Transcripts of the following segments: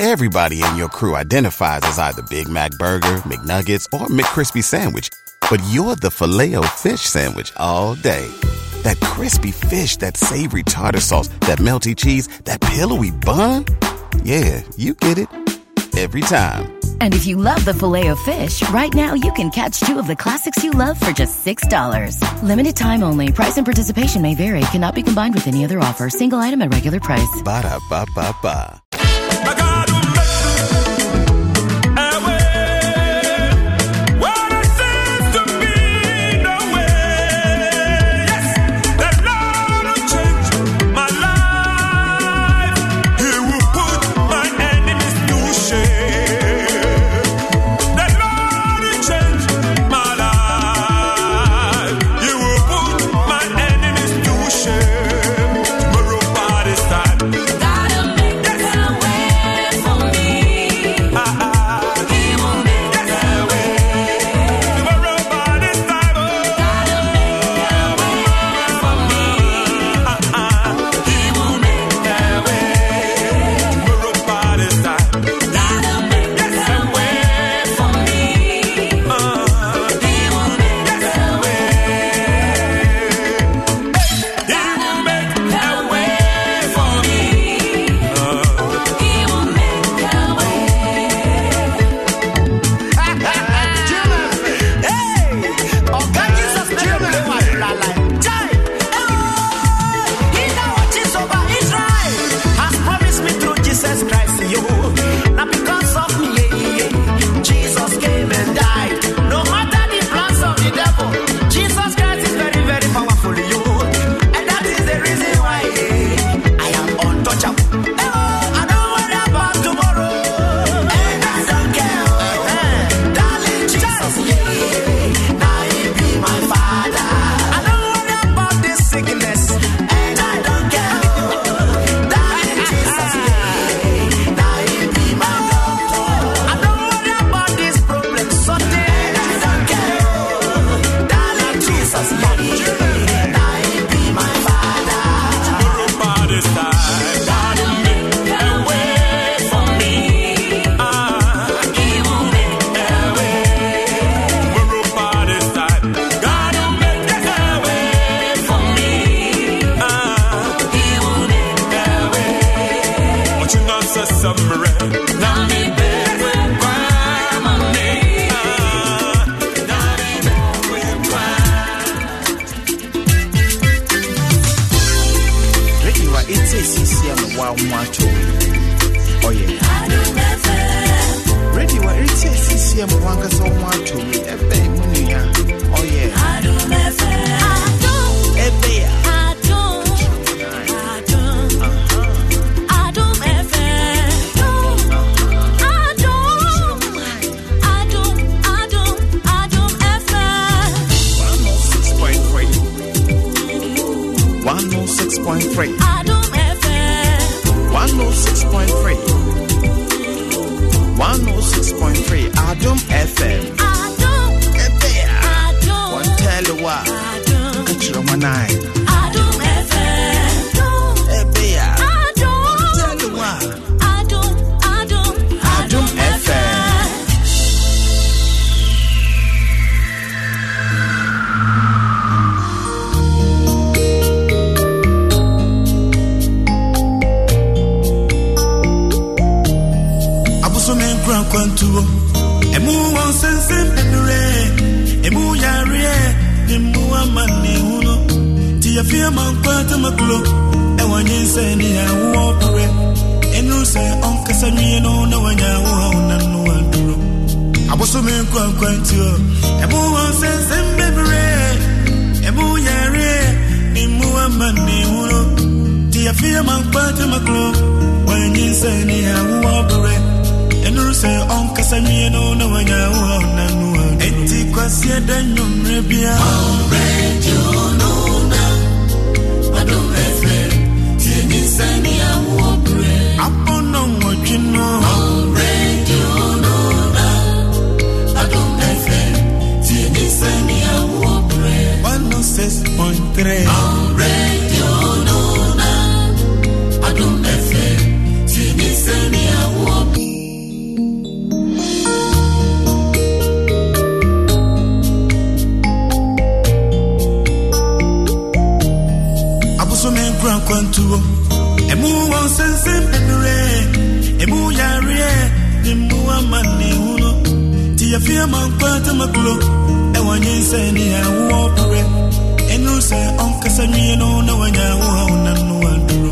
Everybody in your crew identifies as either Big Mac Burger, McNuggets, or McCrispy Sandwich, but you're the filet fish Sandwich all day. That crispy fish, that savory tartar sauce, that melty cheese, that pillowy bun. Yeah, you get it. Every time. And if you love the filet of fish, right now you can catch two of the classics you love for just $6. Limited time only. Price and participation may vary. Cannot be combined with any other offer. Single item at regular price. Ba da ba ba ba. ntuo emu wɔn sɛnsɛn bebree emu yareɛ ne mu ama ne hu no yɛfi ama nkwa tamakuro ɛwɔ nye nsɛ ne awoɔ pere ɛnu sɛ ɔnkasa nwie no na wɔnyɛ awoɔ a ɔnam no aduro abosome nkwankwa ntuo emu wɔn sɛnsɛn bebree emu yareɛ ne mu ama ne hu no yɛfi ama nkwa tamakuro wɔnyɛ nsɛ ne awoɔ pere i sɛ ɔnkasa wie no na wanya wo ɔna no a enti kwaseɛ da nnwommerɛ bia abɔnɔ no Six point three. emu wɔn sɛnsɛ bebree emu yareɛ ne mu ama ne wuro te yɛfi ama nkwa tamakuro ɛwɔ nye nsɛ ne awoɔ pere ɛnu no na wanya awoɔ a wonam no waduro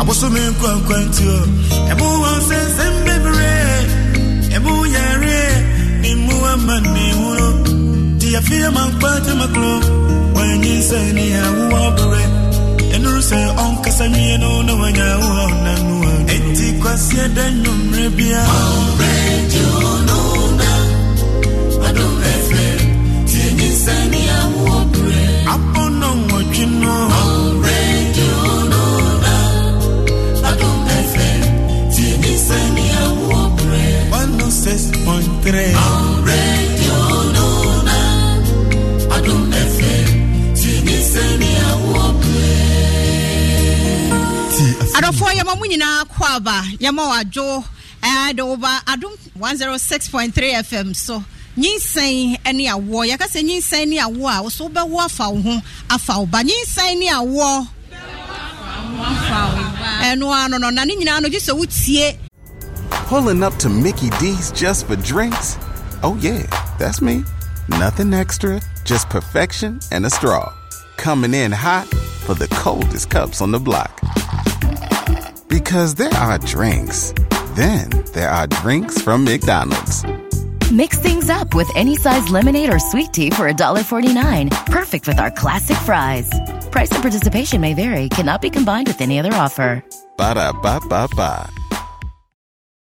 abosome nkwankwantuo emu wɔn sɛnsɛ bebree emu yareɛ ne mu ama ne wuro te yɛfi ama nkwa tamakuro wɔn nye nsɛ sɛ ɔnkasa mie no na no a aba yɛma wɔ adwo ɛde wo adom 106.3 fm so nyinsɛn ne awoɔ yɛka sɛ nyinsɛn ne awoɔ a wo so wobɛwo afa wo ho afa wo ba nyinsɛn ne awoɔ ɛno ano no na ne nyinaa no gye sɛ wotie Pulling up to Mickey D's just for drinks? Oh, yeah, that's me. Nothing extra, just perfection and a straw. Coming in hot for the coldest cups on the block. Because there are drinks, then there are drinks from McDonald's. Mix things up with any size lemonade or sweet tea for $1.49. Perfect with our classic fries. Price and participation may vary, cannot be combined with any other offer. Ba da ba ba ba.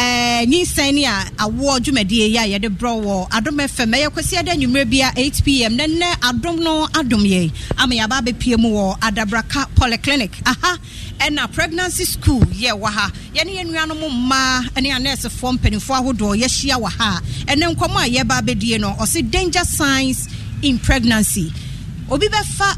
Eh, nyinsɛn ni a awoɔ dwumadie yi a yɛde brɔ wɔ adom fm ɛyɛ kɔsi ɛdɛ nwummerɛ bi a 8 pm na nnɛ adom no adom yɛ ama yɛaba abɛpie mu wɔ adabraka polyclinic aha ɛna pregnancy school yɛ wɔ ha yɛne yɛn nuanom mmaa ne anɛɛsefoɔ mpanimfoɔ ahodoɔ yɛahyia wɔ ha a ɛnɛ nkɔm a yɛba abɛdie no ɔse danger signs in pregnancy obi bɛfa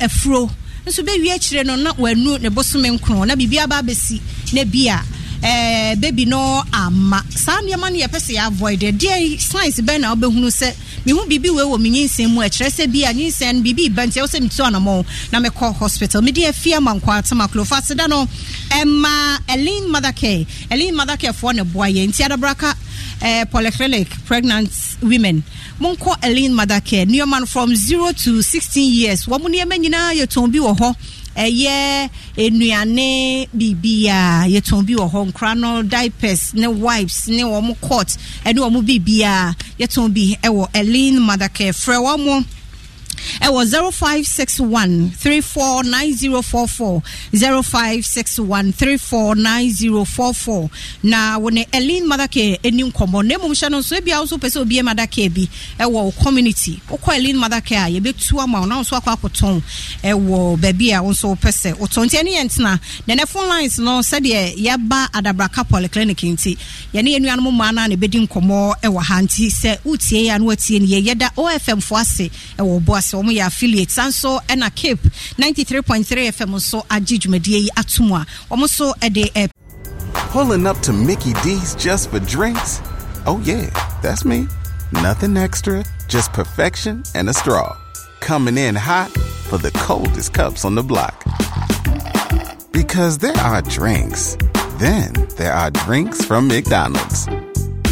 afuro nso bɛwie akyire no na wanu ne bosome nkron na biribi aba abɛsi na bi Eh, baby no ama saa nneɛma no yɛpɛ sɛ yɛavoid deɛ science bɛn na wobɛhunu sɛ mehu biribi wei wɔ me nyinsɛn mu ɛkyerɛ sɛ bi a nyinsɛn no biribi bɛn nti ɛwɔ sɛ metu anamɔ na mekɔ hospital mede afie ama nkɔ atema kurofo aseda no ɛma elin mother care elin mother care foɔ ne boa yɛ nti adabraka uh, polyclinic pregnant women monkɔ elin mother care nneɛma no from 0 to 16 years wɔn nneɛma nyinaa yɛtɔn bi wɔ hɔ ɛyɛ nnuane biribiara yɛtɔn bi wɔ hɔ nkora no diapers ne wipes ne wɔn court ɛne wɔn biribiara yɛtɔn bi ɛwɔ ɛlin madaka frɛ wɔn ɛwɔ zero five six one three four nine zero four four zero five six one three four nine zero four four na wɔne elin madake ɛni nkɔmɔ na mmom hyɛ no nso ebi a nso pɛ sɛ obi madake bi ɛwɔ community wokɔ elin madake a yɛbɛtu ama wɔn na nso akɔ akɔtɔn ɛwɔ baabi a nso pɛ sɛ wotɔn nti ɛni yɛn tena na ne phone lines no sɛdeɛ yɛba adabraka polyclinic nti yɛne yɛn nuanom mmaa na na ebɛdi nkɔmɔ ɛwɔ ha nti sɛ wotie yɛ ano atie ne yɛ yɛda ofm fo ase ɛwɔ boase. so 93.3 fm pulling up to mickey d's just for drinks oh yeah that's me nothing extra just perfection and a straw coming in hot for the coldest cups on the block because there are drinks then there are drinks from mcdonald's.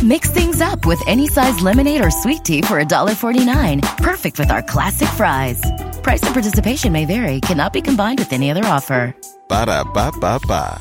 Mix things up with any size lemonade or sweet tea for $1.49. Perfect with our classic fries. Price and participation may vary, cannot be combined with any other offer. Ba da ba ba ba.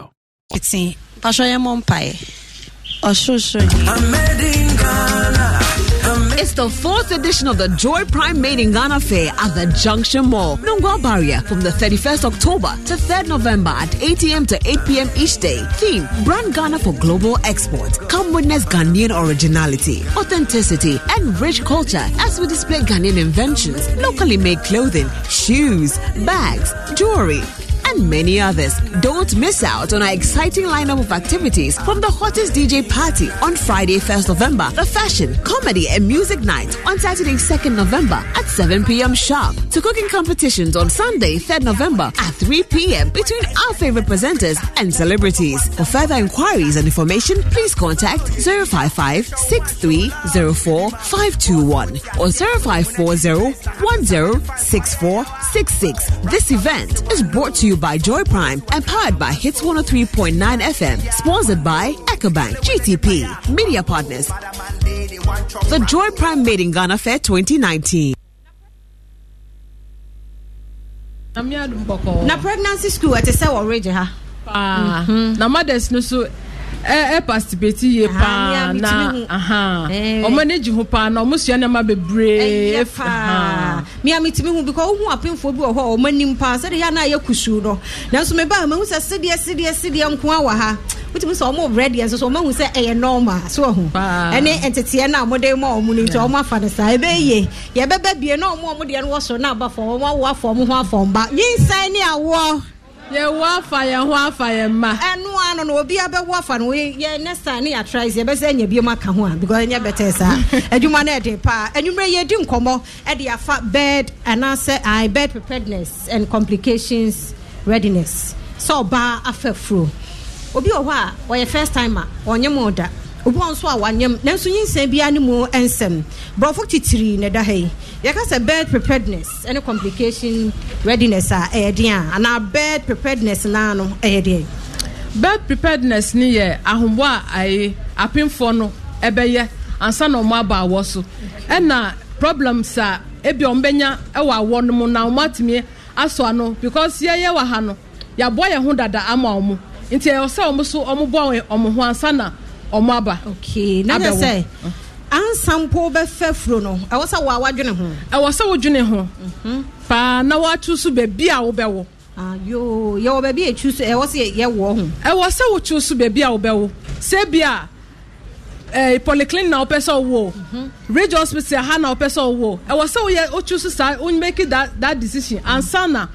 Oh, it's the fourth edition of the Joy Prime Made in Ghana Fair at the Junction Mall, Nungwa Barrier, from the 31st October to 3rd November at 8 a.m. to 8 p.m. each day. Theme: Brand Ghana for global export. Come witness Ghanaian originality, authenticity, and rich culture as we display Ghanaian inventions, locally made clothing, shoes, bags, jewelry and many others. Don't miss out on our exciting lineup of activities from the hottest DJ party on Friday, 1st November, the fashion, comedy, and music night on Saturday, 2nd November at 7 p.m. sharp, to cooking competitions on Sunday, 3rd November at 3 p.m. between our favorite presenters and celebrities. For further inquiries and information, please contact 055 6304 521 or 0540 106466. This event is brought to you by Joy Prime and powered by Hits 103.9 FM. Sponsored by EcoBank, GTP, Media Partners. The Joy Prime Made in Ghana Fair 2019. na pregnancy school ɛte sɛ wɔ regye ha na mothers no so ẹ participate yie paa na eh. ọmọ ne gye ho paa na ọmọ sua nneɛma bebree ɛyɛ eh, mia mi ti mi hu ohun bi wɔ hɔ a ɔmɔ anim paa sɛde na anayɛ kusu no nanso mi ba mi sɛ sidiɛ sidiɛ sidiɛ nko ha wotumi sɛ nso so ɔmo ahu sɛ ɛyɛ so no nti afa na deɛ no wɔ aba mba yɛwɔ afa yɛn ho afa yɛn mma. ɛnu ano na obi abɛwɔ afa no yɛ nɛsa ne yatra yi yɛbɛsɛ ɛnyɛ bi mu aka ho a because ɛnyɛ bɛtɛ saa adwuma no ɛde paa ɛnumere yɛdi nkɔmɔ ɛde afa bed anaasɛ ayi bed preparedness and complications readiness sɛ ɔbaa afɛfuro obi wɔ hɔ a ɔyɛ first timer. a mu da wobɔ nso a wanyam nanso nyinsɛn biara ne mu nsɛm borɔfo titiri na ɛda ha yi yɛka sɛ bird preparedness ne complication readiness a ɛyɛ den a anaa bird preparedness naa no ɛyɛ den bird preparedness ni yɛ ahoboa a ayi apemfoɔ no ɛbɛyɛ ansa na wɔn aba awɔ so ɛna problems a ebi wɔn bɛnya ɛwɔ awɔ no mu na wɔn atumi asɔ ano because yɛyɛ wɔ ha no yɛaboa yɛn ho dada ama wɔn nti ɛyɛ sɛ wɔn so wɔn bɔ wɔn ho ansa na. ɔmo aba okay na yɛ sɛ ansampo bɛfɛ furo no ɛwɔ sɛ wɔ a wadwene ho ɛwɔ sɛ wodwene ho mhm. paa na wɔatu so baabi a wobɛwɔ ayo ah, yɛwɔ baabi a ɛtu so ɛwɔ sɛ yɛwɔ ho ɛwɔ sɛ wotu so baabi a wobɛwɔ sɛ bia eh, polyclinic na wopɛ sɛ wowɔ mhm. radio hospital ha na wopɛ sɛ wowɔ ɛwɔ sɛ woyɛ wotu so saa womaki that, that decision ansa na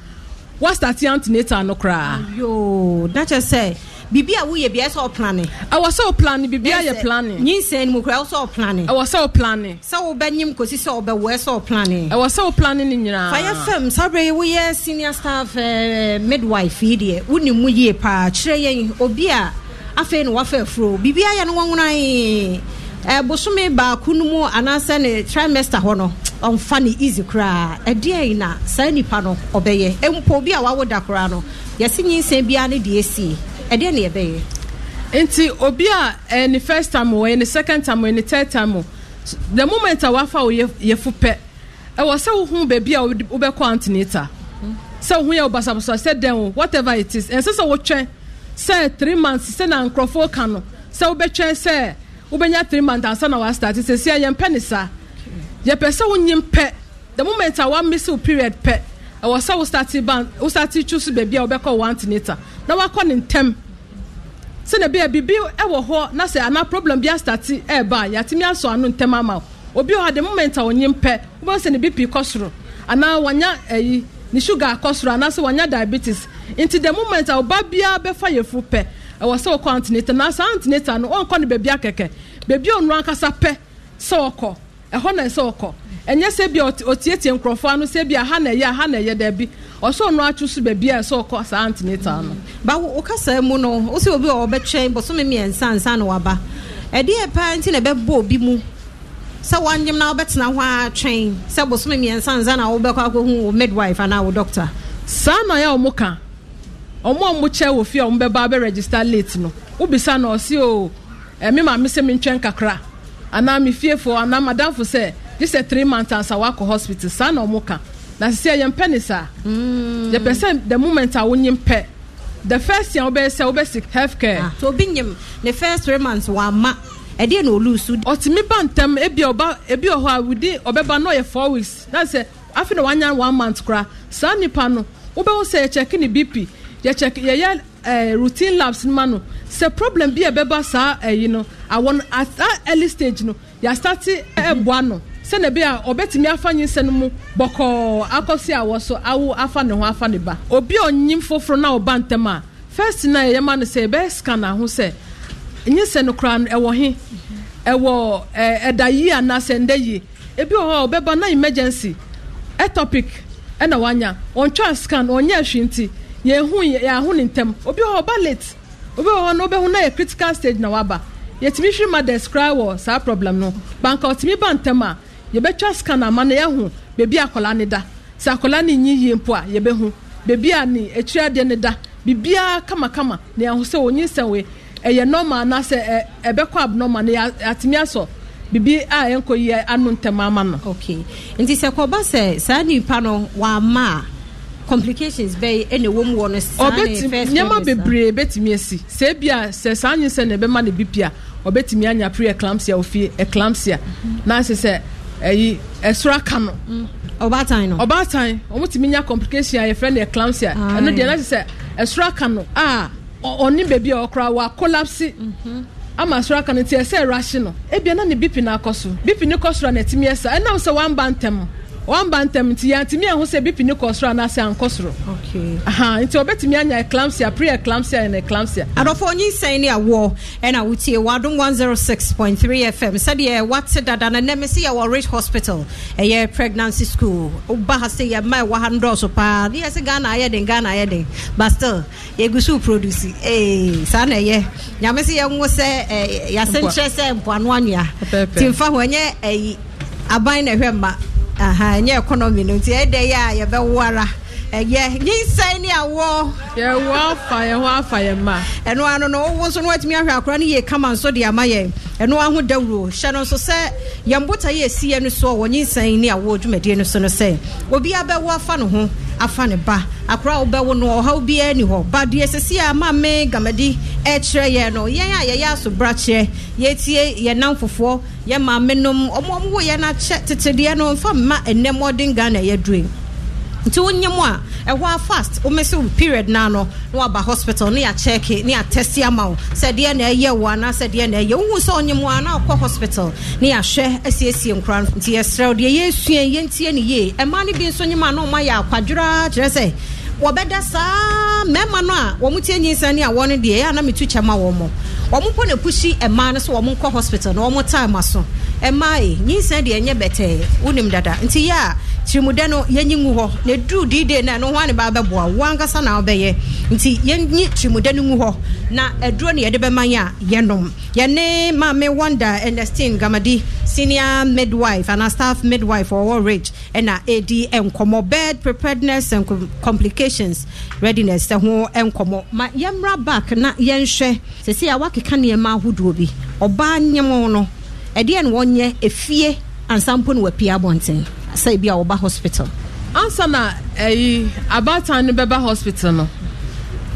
woastarte antenatal no koraa ayo ah, na kyɛ sɛ Bibi a woyɛ bia sɛ ɔplane ɛwɔ sɛ Bibi biribia yɛ plane nyinsɛn no mu kora ɛwɔ sɛ ɔplane ɛwɔ sɛ ɔplane sɛ wobɛnyim kɔsi sɛ ɔbɛwɔɛ sɛ ɔplane ɛwɔ sɛ ɔplane no nyinaa fa yɛfam saa berɛ senior staff uh, midwife yi deɛ wonim mu yie paa kyerɛ yɛn obi a afei na wafa afuro biribi ayɛ no wɔwonae eh, bosome baako no mu anaasɛ ne trimester hɔ no ɔmfa ne easy koraa ɛdeɛn na saa nipa no ɔbɛyɛ eh, mpo bi a wawoda koraa no yɛse nyinsɛn biara ne deɛ sie ɛdeɛ ne yɛbɛyɛ nti obi a eh, ne first time wɔyɛ eh, ne second time wɔyɛ eh, ne third time o the moment a wafa wo yɛfo pɛ ɛwɔ sɛ wohu baabi a wobɛkɔ antenator sɛ wohu yɛ wobasabasa sɛ dɛn o whatever it is ɛnsɛ sɛ wotwɛn sɛ three months sɛ na nkurɔfoɔ ka no sɛ wobɛtwɛn sɛ wobɛnya three months ansa na wastate sɛsia yɛmpɛ ne saa yɛpɛ sɛ wonyim pɛ the moment a wamisi period pɛ ɛwɔ sɛ wosate ban wosate tu so baabi a wobɛkɔ wɔ antenata na woakɔ ne ntɛm sɛnɛ bia biribi ɛwɔ hɔ na sɛ anaa problem bi astate ɛɛba yɛatumi asɔ ano ntɛm ama wo obi wɔ ha de moment a wɔnye mpɛ wobɛhu sɛ ne bp kɔ soro anaa wanya ayi ne sugar akɔ soro anaasɛ wanya diabetes nti the moment a ɔba biara bɛfa yɛfu pɛ ɛwɔ sɛ wɔkɔ antenata na saa antenata no ɔnkɔ ne baabi akɛkɛ baabi a ankasa pɛ sɛ wɔkɔ ɛhɔ na ɛsɛ wɔkɔ ɛnyɛ sɛ bia ɔtietie nkurɔfoɔ ano sɛ bia ha na ɛyɛ ha na ɛyɛ dɛ bi ɔsɛ ɔno atwo so baabi a ɛsɛ ɔkɔ saa antinata no ba wokasa mu no wo sɛ obi a wɔbɛtwɛn bɔsome mmiɛnsa nsa na waba ɛdeɛ paa nti na ɛbɛbɔ obi mu sɛ woanyem na wobɛtena ho a twɛn sɛ bɔsome mmiɛnsa nsa na wobɛkɔ akɔhu wo midwife anaa wo doctor saa na ɔyɛ ɔmo ka ɔmo a ɔmo kyɛ wɔ fie a ɔmo bɛba abɛregister late no wobisa na ɔse o ɛme eh, maame sɛ mentwɛn kakra anaa me fiefoɔ anaa madamfo sɛ This sɛ three months ansa work hospital saa na ɔmo ka na I am mpɛ ne saa hmm. yɛpɛ the moment I win him mpɛ the first thing yɛn be, sɛ wobɛsi health care. Ah, so being nyim ne first three months wama ɛdeɛ na olu su. ɔtumi ba ntɛm ebi ɔba ebi ɔhɔ a wudi ɔbɛba na no four weeks na sɛ afi one year, one month kora saa nipa will say check in the bp yɛkyɛki yɛyɛ ɛɛ eh, routine labs manu. no problem bi a ɛbɛba saa you know. I want at that early stage no yɛ asate ɛɛboa eh, no. Mm -hmm sɛnɛ bi a ɔbɛtumi afa nyinsɛn no mu bɔkɔɔ akɔsi awɔ so awo afa ne ho afa ne ba obi a ɔnyim foforɔ na ɔba ntɛm a first na yɛyɛ ma no sɛ ɛbɛyɛ scan na ho sɛ nyinsɛn no kora ɛwɔ he ɛwɔ ɛɛ ɛda yie anaasɛ ndɛ yie ebi wɔ hɔ a ɔbɛba na emergency etopic ɛna wanya ɔntwa scan ɔnyɛ ahwi nti yɛn ho yɛn aho ne ntɛm obi wɔ hɔ ɔba late obi wɔ hɔ na ɔbɛho na yɛ critical stage na waba yɛtumi hwi ma describe wɔ saa problem no banka ɔtumi ba ntɛm a yɛbɛtwa scan ama na yɛho beebi akwadaa ne da sɛ akwadaa ne nyi yie mpo a yɛbɛho beebi a ne akyire adeɛ ne da biribiara kamakama na yɛho sɛ wɔnyi nsɛnwe ɛyɛ normal anaasɛ ɛ ɛbɛkɔ abnormal na yɛ asɔ bibi a ɛnkɔ yie ano ntɛm ama no. okay nti sɛ kɔba sɛ saa nipa no wama a complications bɛyɛ ɛna ɛwɔ mu wɔ no saa na yɛ first place nneɛma bebree bɛtumi asi sɛ ebi a sɛ saa nyi sɛ na ɛbɛma ne bipi a ɔbɛtumi anya pre eclampsia ofie eclampsia mhm. na asɛ sɛ. ɛyi ɛsoro aka no. ɔbaatan mm. no. ɔbaatan wɔn ti mi nya complication a yɛfrɛ no eclampsia ɛno deɛ n'asɛ sɛ ɛsoro aka no a ɔne beebi a ɔkora wa collapse. Mhm. ama soro aka no ti ɛsɛ ɛrɔ ahye no ebien na ne bp na akɔ so bp ne kɔ soro na ɛtumi ɛsa ɛnam sɛ wɔn aba ntɛm. wọn ba ntɛm nti yantumi ɛho sɛ bipi ne kɔ soro anaasɛ ankɔ soro nti ɔbɛtumi anya eclampsia pre eclampsia and eclampsia. adɔfo onye nsɛn ne awoɔ ɛna wotie wadom one zero oh six point three fm sɛdeɛ wate dada na nemesi ya yɛ wɔ rich hospital ɛyɛ e pregnancy school ɔba ha sɛ yɛ mma ɛwɔ ha ndɔɔso paa ne yɛ sɛ ghana ayɛ den ghana ayɛ den but still yɛgu so produce ee saa na ɛyɛ nyame si yɛ ngo sɛ ɛɛ e, yasɛnkyerɛ sɛ mpoano anwea ti nfa hɔ ɛnyɛ ɛyi e, aban na ɛhwɛ mma ɛnyɛ economy no nti ɛdɛ yɛ a yɛbɛwo ɛyɛ nyinsɛn ne awɔ. yɛwɔ afa yɛn ho afa yɛn ma. ɛno ano na ɔwɔ nso no watumi ahwɛ akora ne kama nso de ama yɛ. ɛno aho dawuro hyɛ no nso sɛ yɛn bota yɛ esi yɛn no so wɔ nyinsɛn ne awɔ dwumadie no so no sɛ obi abɛwɔ afa ne ho afa ne ba akora a wobɛwo no ɔhaw ni hɔ ba deɛ sɛsi a maame gamadi ɛkyerɛ yɛn no yɛn a yɛyɛ asobrakyerɛ yɛtie yɛn nan fofoɔ yɛn maame nom ɔmo ɔmo wɔ yɛn no nfa mma nti wonye mu a ɛhɔ a fast womɛsɛ wo period na no na waba hospital ne yɛakyɛke ne yɛatɛse ama wo sɛ deɛ na ɛyɛ wo anaa sɛ na ɛyɛ wohu sɛ wonye mu a na wokɔ hospital ne yɛahwɛ asiesie nkora no nti yɛserɛ wo deɛ yɛsua yɛntie ne yie ɛma no bi nso nyema na ɔma yɛ akwadwerɛa kyerɛ sɛ wɔbɛda saa mmarima no a wɔn tie nyinsa ne a wɔn deɛ ɛyɛ anametu kyɛm a wɔn wɔn mpo na kusi mmaa no so wɔn nkɔ hospital na wɔn taa ma so mmaa yi nyinsa deɛ nyɛ bɛtɛɛ wonim dada nti yɛ a kyirimuda no yɛnyi ngu hɔ na duru diide na ɛno ho ane ba bɛboa wɔn ankasa na ɔbɛyɛ nti yɛnyi kyirimuda no ngu hɔ na aduro na yɛde bɛma yɛ a yɛnom yɛne maame wanda ernestine gamadi senior midwife and a staff midwife for all rich and AD and como bed preparedness and complications readiness the whole and como my yamra back na yenhwe se se ya wakeka nneɛma ahodoɔ bi ɔbaa nneɛma no ɛdeɛ na wɔnyɛ efie ansampo na wapie abɔnten sɛ ebi a wɔba hospital ansa na ɛyi eh, abaatan no bɛba hospital no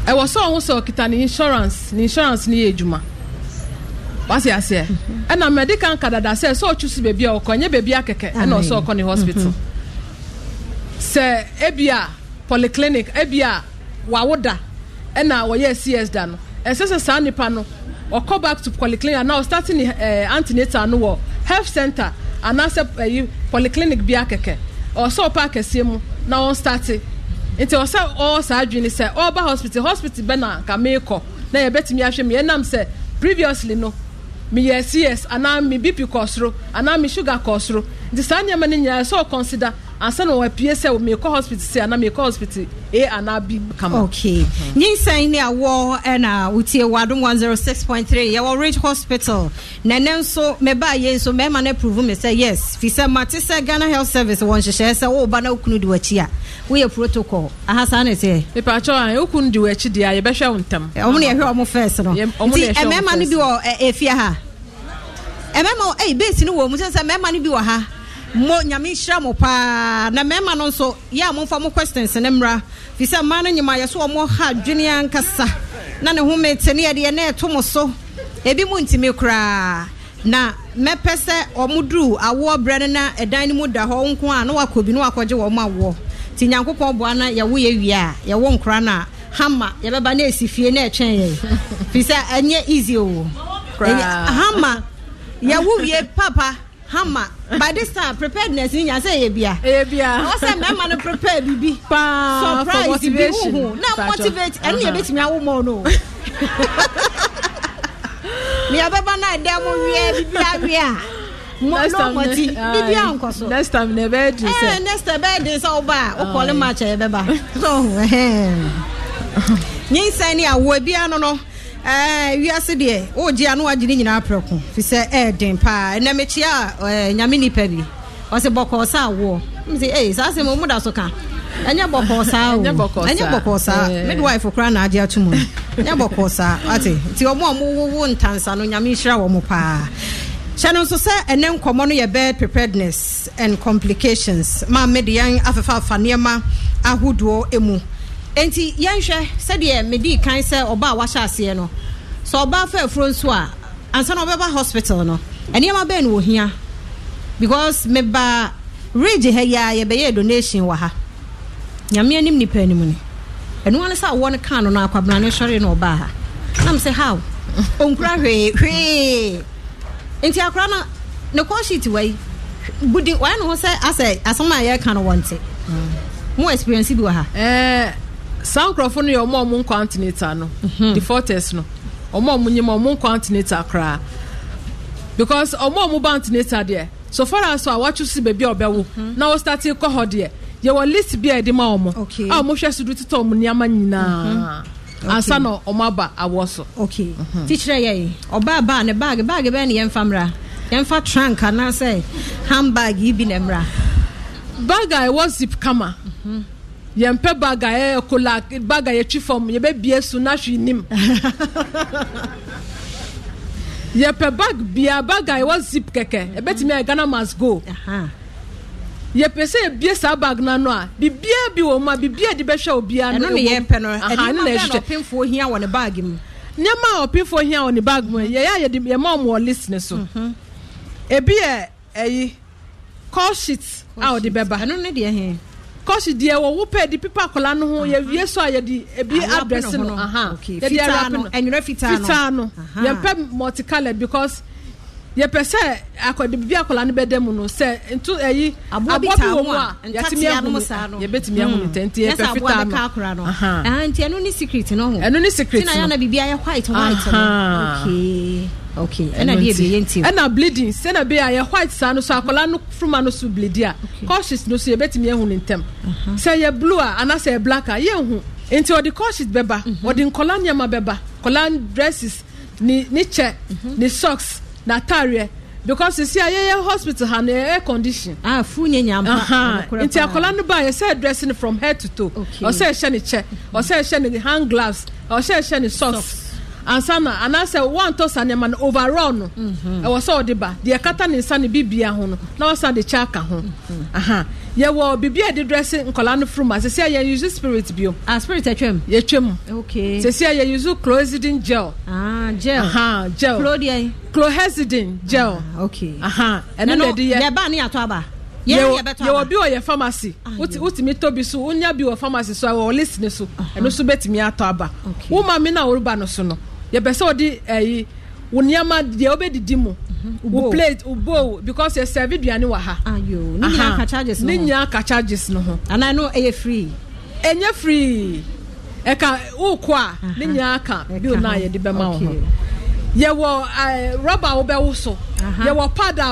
ɛwɔ eh, sɛ ɔho sɛ ɔkita ne insurance ne insurance no yɛ wase aseɛ ɛna mɛde kan kadada sɛ sɛ ɔtwu so baabi a ɔkɔ nyɛ baabi akɛkɛ ɛna ɔsɛ ɔkɔ ne hospital mm-hmm. sɛ ebia polyclinic ebia wawoda ɛna wɔyɛ cs da no ɛsɛ sɛ saa nipa no ɔkɔ back to polyclinic anaa ɔstarte ne ɛɛ antenatal no wɔ health center anaasɛ ɛyi polyclinic bi akɛkɛ ɔsɛ ɔpa akɛseɛ mu na ɔnstarte nti ɔsɛ ɔɔ saa adwene sɛ ɔɔba hospital hospital bɛ na nka meekɔ na yɛbɛtumi ahwɛ mu yɛnam sɛ previously no meyɛ cs anaa me bp kɔ soro anaa me sugar kɔ soro nti saa nneɛma no nyinaa sɛ ɔconsider ansa na wɔapue sɛ mekɔ hospital sɛ anaa mekɔ hospital a anaa b kama okay mhm. nyinsɛn ne awɔ ɛna zero oh six point three yɛwɔ ridge hospital na ɛnɛ nso mebaa yɛ nso mmarima no apruvu me sɛ yes firi sɛ mate sɛ ghana health service wɔ nhyehyɛɛ sɛ wowoba na wokunu de w'akyi a woyɛ protocol aha saa ne teɛ mepaakyɛ a wokunu de w'akyi deɛ a yɛbɛhwɛ wo ntam eh, ɔmo ne yɛhwɛ ɔmo fɛs no nti eh, mmarima no bi wɔ ɛfie eh, ha mmarima ɛyi base no wɔ mu sɛ mmarima no bi wɔ ha mo nyame nhyira mo paa na mmarima no nso yɛ a momfa mo questions ne mmra fi sɛ mmaa no nyima yɛ so ɔmo ha adwene ankasa na ne ho mete ne yɛdeɛ na ɛto mo so ebi mu ntumi koraa na mɛpɛ sɛ ɔmo duru awoɔ berɛ no na ɛdan no mu da hɔ nko a na wakɔ bi na wakɔgye wɔn awoɔ nti nyankopɔn boa no yɛwo yɛ wie a yɛwɔ nkora no a hama yɛbɛba na ɛsi fie na ɛtwɛn yɛn fi sɛ ɛnyɛ easy o hama yɛwo wie papa hammer by this time preparedness n yà sẹ yẹ bia. Eh, yẹ bia ọsẹ mẹma no prepare bibi. paa for motivation surprise bi huhu na motivate ẹni yẹ bẹ tì mí awo mọ ọ nù. ní abẹ́bá náà dẹ́ mo wíyẹ bíbí a mo ló mọ ti bíbí a ń so. next time ne bẹ́ẹ̀ di sẹ́. ẹ next time bẹ́ẹ̀ di sẹ́ o bá ọ kọ́lé match ẹ bẹ́ẹ̀ bá. so eh, eh. ni àwọ̀ ẹbí àná náà. Eh, wiase deɛ wogye a na wagye ne nyinaa prɛko firi sɛ ɛɛden eh, paa ɛnɛ mekyia a eh, nyame nipa bi ɔsɛ bɔkɔɔ sɛ awoɔ msɛ ei saa sɛ mu da so ka ɛnyɛ bɔkɔɔ saa o ɛnyɛ bɔkɔɔ saa midwife kora na agye ato mu ɛnyɛ bɔkɔɔ saa ate nti ɔmo a mowowo ntansa no nyame nhyira wɔ mo paa hyɛ no nso sɛ ɛnɛ nkɔmmɔ no yɛ bed preparedness and complications ma mede yɛn afefa afa nneɛma ahodoɔ mu nti yɛnhwɛ sɛdeɛ medii kan sɛ ɔbaa a wahyɛ aseɛ no sɛ ɔbaa fɛ afuro nso a ansa na ɔbɛba hospital no nneɛma bɛn no wɔhia because meba rage ha yi a yɛbɛyɛ donation wɔ ha nyame anim nipa anim ni ɛno ano sɛ awɔ no kaa no no akwabena ne sɔre no ɔbaa ha nam sɛ haw ɔnkura hwee hwee nti akora no ne kɔɔ sheet wɔ yi budi wɔayɛ ne ho sɛ asɛ asɛm a yɛreka no wɔnte mm. mo experience bi wɔ ha eh, saa nkurɔfo no yɛ ɔmo a ɔmo nkɔ antinata no defaulters mhm. no ɔmo a ɔmo nyim ɔmo nkɔ antinata koraa because ɔmo a ɔmo ba antinata deɛ so far as a wɔatwi si baabi a ɔbɛwo mhm. na wɔstati kɔ hɔ deɛ yɛwɔ list bi a yɛde ma ɔmo a ɔmo hwɛ so do titɔ ɔmo nneɛma nyinaa. Mhm. ansa na ɔmo aba awɔ so. ok tikyerɛ yɛ yi ɔbaa baa ne baage baage bɛɛ ne yɛn fa mra yɛn fa trunk anaasɛ handbag yi bi mra. baage a ɛwɔ zip kama. Mm -hmm. yɛn pɛ baga yɛ e, kola baga yɛ twi fam yɛ bɛ bie so na hwee nim yɛ pɛ bag bia baga yɛ wɔ zip kɛkɛ yɛ bɛ tumi yɛ ghana must go yɛ pɛ sɛ bie saa bag na no a bibia bi wɔ mu a bibia de bɛ hwɛ obiara ɛno ne yɛn pɛ no ɛno ne yɛn pɛ no ɔpinfoɔ hia wɔ ne baage mu nneɛma a ɔpinfoɔ hia wɔ ne baage mu yɛ yɛ yɛde yɛ ma wɔn wɔ list ne so mhm. ebi yɛ ɛyi call sheet a wɔde ba ɛno ne deɛ hɛn kɔsi deɛ wɔ wo pɛ de pepa akɔla no ho yɛ uh-huh. wie so a yɛde ebi ah, adrɛsi no yɛde arape no fitaa no yɛn pɛ multicolored because yɛpɛ sɛ akɔde bibi akɔla no bɛda mu no sɛ nto ɛyi aboa bi wɔ mu a yɛtumi ahu no yɛbɛtumi ahu hmm. no tɛnti yɛpɛ fitaa no nti ɛno ne secret no ho ɛno ne secret no tina yɛna bibi ayɛ white white no okay okay ɛna deɛ bi yɛ nti ɛna bleeding sɛna bi a yɛ white saa no so akɔla no furuma no so bleedi a cautious no so yɛbɛtumi ahu ne ntɛm sɛ yɛ blue a anaasɛ yɛ black a yɛnhu nti ɔde cautious bɛba mhm. ɔde nkɔla nneɛma bɛba nkɔla dresses ni ni kyɛ mhm. ni socks n'atareɛ because sisi a yɛyɛ hospital ha ah, uh-huh. no yɛyɛ condition. a fuu Uh huh. nti akwadaa no ba yɛ sɛ dressing from head to toe. okay ɔsɛ ɛhyɛ ne kyɛ ɔsɛ ɛhyɛ ne hand gloves ɔsɛ ɛhyɛ ne socks ansana anaasɛ wantɔ sa nneɛma no overall no mhm. ɛwɔ sɛ ɔde ba deɛ ɛkata ne nsa ne bibia ho no na wasan de kyɛ aka ho. Mhm yɛwɔ biribi a yɛde drɛse nkɔla no furu mu a sɛsi a yɛn yuzu spirit bio. a ah, spirit ɛtwa mu. yɛtwa mu. okay Sisi a yɛn yuzu chlorhexidine gel. ah gel uh-huh, gel chloro chlorhexidine gel. ah okay ɛno na yɛde yɛ. yɛba ne yɛtɔ aba. yɛwɔ bi wɔ yɛ pharmacy ah, wotumi tɔ bi so wonya bi wɔ pharmacy so wɔ list ne so ɛno so bɛtumi atɔ aba wo maame no a wɔreba no so no yɛbɛ sɛ wɔde ɛyi wo nneɛma deɛ wobɛdidi mu wo plate wo bowl because yɛ serve aduane wɔ ha ayo ne nyinaa ka charges no ho ne nyinaa charges no ho anan no ɛyɛ free ɛnyɛ free ɛka wokɔ a ne nyinaa ka bill no a yɛde bɛma wo ho yɛwɔ ɛɛ rɔba a wobɛwo so yɛwɔ pad a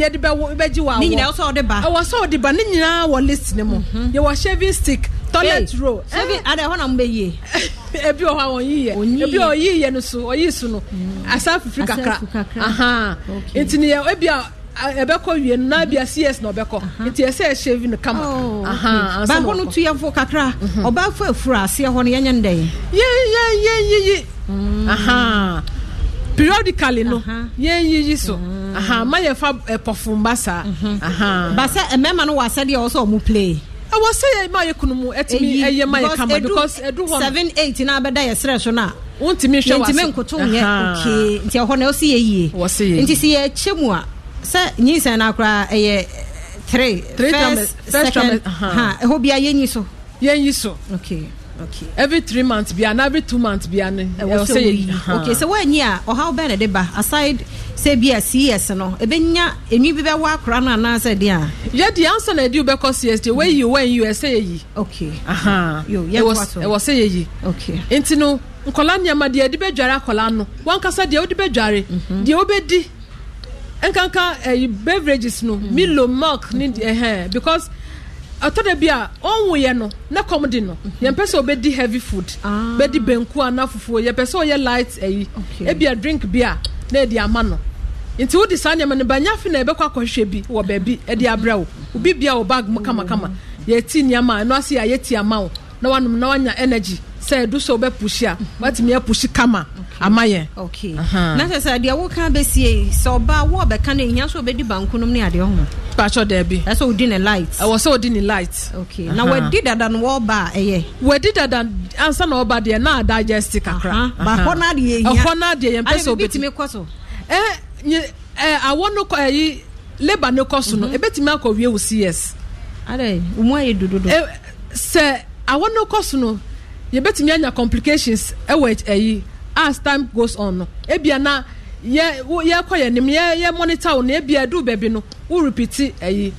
yɛde bɛwo bɛgye wɔ awɔ ne nyinaa wɔ ba ɛwɔ sɛ ɔde ba ne nyinaa wɔ list ne mu yɛwɔ shaving stick toilet roll ɛbi ada ɛhɔ na mo bɛ yie ebi wɔ hɔ a wɔn yiyɛ ebi wɔ yiyɛ no so ɔyi so no asan fifiri kakra ahan nti ni yɛ ebi a ɛbɛkɔ wie no na bia cs na ɔbɛkɔ nti ɛsɛ ɛhyɛ vi no kama baako no tuyɛfo kakra ɔbaafo mhm. afura aseɛ hɔ no yɛnyɛ ndɛ yɛyɛyɛyiyi mm. periodically no yɛnyiyi so mm. ma yɛfa eh, pɔfomba saa ba sɛ mmarima no wɔ asɛdeɛ ɛwɔ sɛ ɔmo play ɛwɔ sɛ yɛ ma yɛ kunu mu ɛtumi ɛyɛ ma yɛ kama because ɛdu hɔ seven eight na abɛda yɛ srɛ so na wontumi hwɛ wase yɛntumi nkoto nyɛ okay nti ɛhɔ na ɔsi yɛ yie wɔsi yɛ nti si yɛ kyɛ mu a sɛ nyinsan na akora ɛyɛ three three first second ɛhɔ bi a yɛnyi so yɛnyi so okay okay. every three months bia na every two months bia ne ɛwɔ sɛ yɛ okay so wɔanyi a ɔhaw bɛɛ na de ba aside sɛ bia cs no ɛbɛnya enwi bi bɛwɔ akora no anaasɛ de a. yɛ di ansa na edi bɛkɔ csd wɔyi wɔyi ɛsɛ yɛ yi. okay ɛwɔ sɛ yɛ yi. okay nti no nkɔla nneɛma deɛ ɛde bɛdware akɔla no wankasa deɛ ɔde bɛdware deɛ di. Mhm. nkankan ɛyi eh, beverages no milo mhm. milk ne eh, ɛhɛn eh, because atɔ de bi a ɔnwo no na kɔm di no mhm. yɛn sɛ obɛdi heavy food ah. bɛdi benku ana fufuo yɛ sɛ ɔyɛ light ɛyi ebi a drink bi a na yɛ de ama no nti wodi saa nneɛma no banya fi na yɛbɛkɔ akɔhwɛ bi wɔ baabi ɛde abrɛ wo mhm. obi bia wɔ bag mu kamakama mhm. yɛti nneɛma ɛno ase a yɛti ama wo na wanum na wanya energy sɛ ɛdu so bɛ pushi a watumi apushi kama. Mm -hmm ama yɛ. okay na sɛ sɛ deɛ woka bɛsie sɛ ɔbaa wo ɔbɛka no ɛhia sɛ ɔbɛdi banku nom ne adeɛ ho. patro dɛbi. ɛsɛ odi ne light. ɛwɔ sɛ odi ne light. okay eh, na wadi dada eh, eh, no wɔɔba ɛyɛ. wadi dada ansa na ɔba deɛ na ada yɛ si kakra. baako na adeɛ yɛ hia ɛhɔ na adeɛ yɛ mpɛ sɛ obi. ayi bi bitimi kɔ so. ɛɛ nye ɛɛ awɔ no kɔ ɛyi leba ne kɔ so no mhm. ebetumi akɔ wie wo cs. adɛ umu ayɛ dododo. sɛ awɔ no kɔ so no complications ɛwɔ ɛyi as time goes on ebia na yɛ yɛkɔ yɛ nim yɛ yɛ monitor na ebia edu baabi no wo repeat ɛyi ɛɛ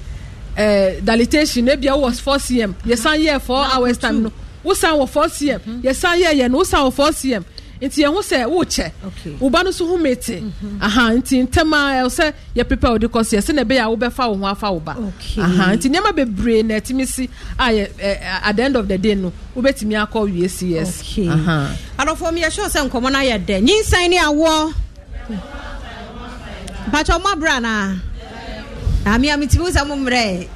eh, dilatation ebia wo was four cm yɛsan yɛ four hours time no wo san wɔ four cm mm-hmm. yɛsan yɛ yɛ no wo san wɔ four cm nti yɛn ho sɛ wokyɛ woba no so ho mete mm-hmm. aha nti ntɛm a sɛ yɛ pepa o de kɔ seɛ sɛnɛ ɛbɛyɛ a wobɛfa wo ho afa wo ba aha nti nneɛma bebree na ɛtumi si a yɛ ɛ at the end of the day no wobɛtumi akɔ wie cs aha adɔfoɔ mi yɛhyɛ sɛ nkɔmɔ no ayɛ dɛ nyinsan ne awoɔ bakyɛ ɔmo abera na ame a metumi sɛ mo mmerɛ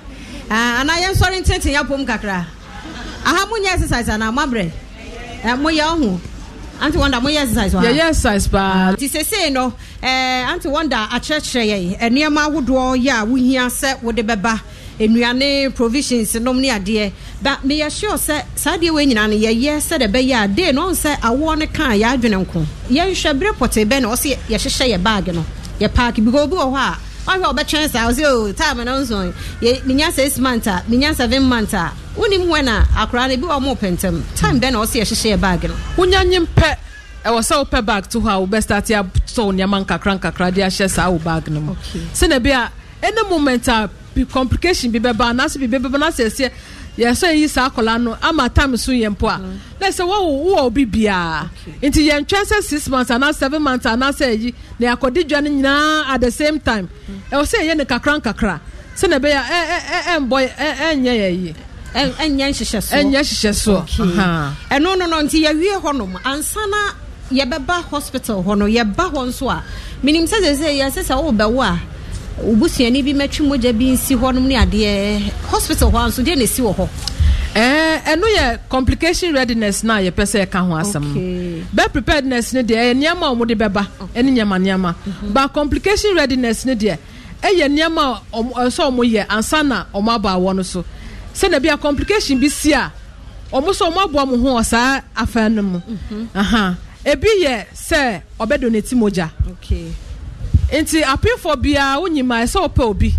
anaa yɛnsɔre ntenten yɛapom kakra aha monyɛ exercise anaa moabrɛ moyɛ ɔho anti wonder mo yɛ exercise wa. yɛ yɛ exercise paa. Ah, ti sese no ɛɛ eh, anti wonder akyerɛkyerɛ yɛ eh, nneɛma ahodoɔ yɛ a wohia sɛ wode bɛba nnuane provisions nom ne adeɛ but meyɛ sure sɛ saa adeɛ wei nyinaa no yɛyɛ sɛdeɛ ɛbɛyɛ a dee no sɛ awoɔ no kaa yɛadwene nko yɛnhwɛ bere pɔtee bɛn na ɔsɛ yɛhyehyɛ yɛ baage no yɛ paake because obi wɔ hɔ a ɔhwɛ ɔbɛtwɛn saa ɔsi o oh, time na nson yɛ minya six months a minya seven months a wonim wɛn a akora no ebi wɔ ɔmo pɛntɛm time bɛn na ɔsi ɛhyehyɛ baagi no. wonyanyi mpɛ ɛwɔ sɛ wopɛ bag to hɔ a wobɛstate atɔ nneɛma nkakra nkakra de ahyɛ saa wo bag no mu sɛnɛ bi a ɛne moment a complication bi bɛba anaasɛ bi bɛba anaasɛ ɛsiɛ yɛsɛ yɛyi saa akɔla no ama tam so yɛn po a mm. na sɛ wɔwɔ wɔwɔ obi biara nti yɛn twɛn sɛ six months ana seven months anaa sɛ ɛyi na yɛakɔdi dwa no nyinaa at the same time mm. ɛwɔ sɛ yɛyɛ no kakra nkakra sɛ na ɛbɛyɛ ɛ ɛ ɛnbɔ ɛnyɛ yɛyi. ɛnyɛ nhyehyɛsoɔ ɛnyɛ nhyehyɛsoɔ ɛno no no nti yɛwie hɔ nom ansana yɛbɛba hospital hɔ no yɛba hɔ nso a menim sɛ sɛ sɛ yɛsɛ sɛ wobɛwo a obusuani bi mɛtwi mogya bi nsi hɔnom ne adeɛ hospital hɔ nso deɛ na ɛsi wɔ hɔ ɛno yɛ complication readiness na yɛpɛ sɛ ɛka ho asɛm bɛ preparedness no deɛ ɛyɛ nneɛma a wɔde bɛba ɛne nneɛma nneɛma mhm. ba complication readiness no deɛ ɛyɛ nneɛma a ɛsɛ ɔmo yɛ ansa na ɔmo aba awɔ no so sɛnɛ bi a complication bi si a ɔmo sɛ ɔmo aboa mo ho ɔsaa afɛn no mu mhm. ebi yɛ sɛ ɔbɛ donate mogya. Okay. nti apinfo biara wonyima ɛsɛ ɔpɛ obi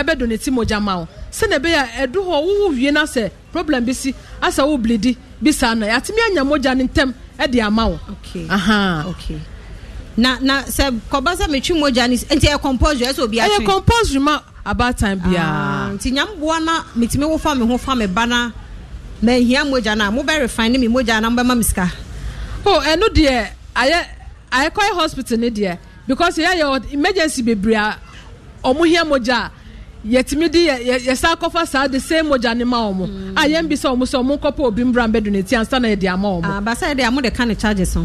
ɛbɛdo ne ti mogya ma wo sɛnɛ ɛbɛyɛ ɛdu hɔ wowu wie na sɛ problem bi si asɛ wo bilidi bi saa na yɛatumi anya mogya ne ntɛm ɛde ama wo na na sɛ kɔba sɛ metwi mogya ne nti ɛyɛ compulsory ɛsɛ obi atwi ɛyɛ compulsory ma about time biara ah, nti nyamboa na metumi wo fa me ho fa me ba na na ehia mogya na mo bɛ refine mi mogya na mo bɛ ma mi sika. o oh, ɛnu deɛ ayɛ ayɛ kɔɛ hospital ne deɛ. because yɛ yɛ emergency bebree a ɔmo hia mogya hmm. a yɛtumi de yɛ yɛsa akɔfa saa de same mogya ne ma ɔmo a yɛn bi sɛ ɔmo sɛ ɔmo nkɔpɔ obi mbra mbɛdo ne ti ansa na yɛde ama ɔmo. abasa ah, yɛ de amo de ka ne charges ho.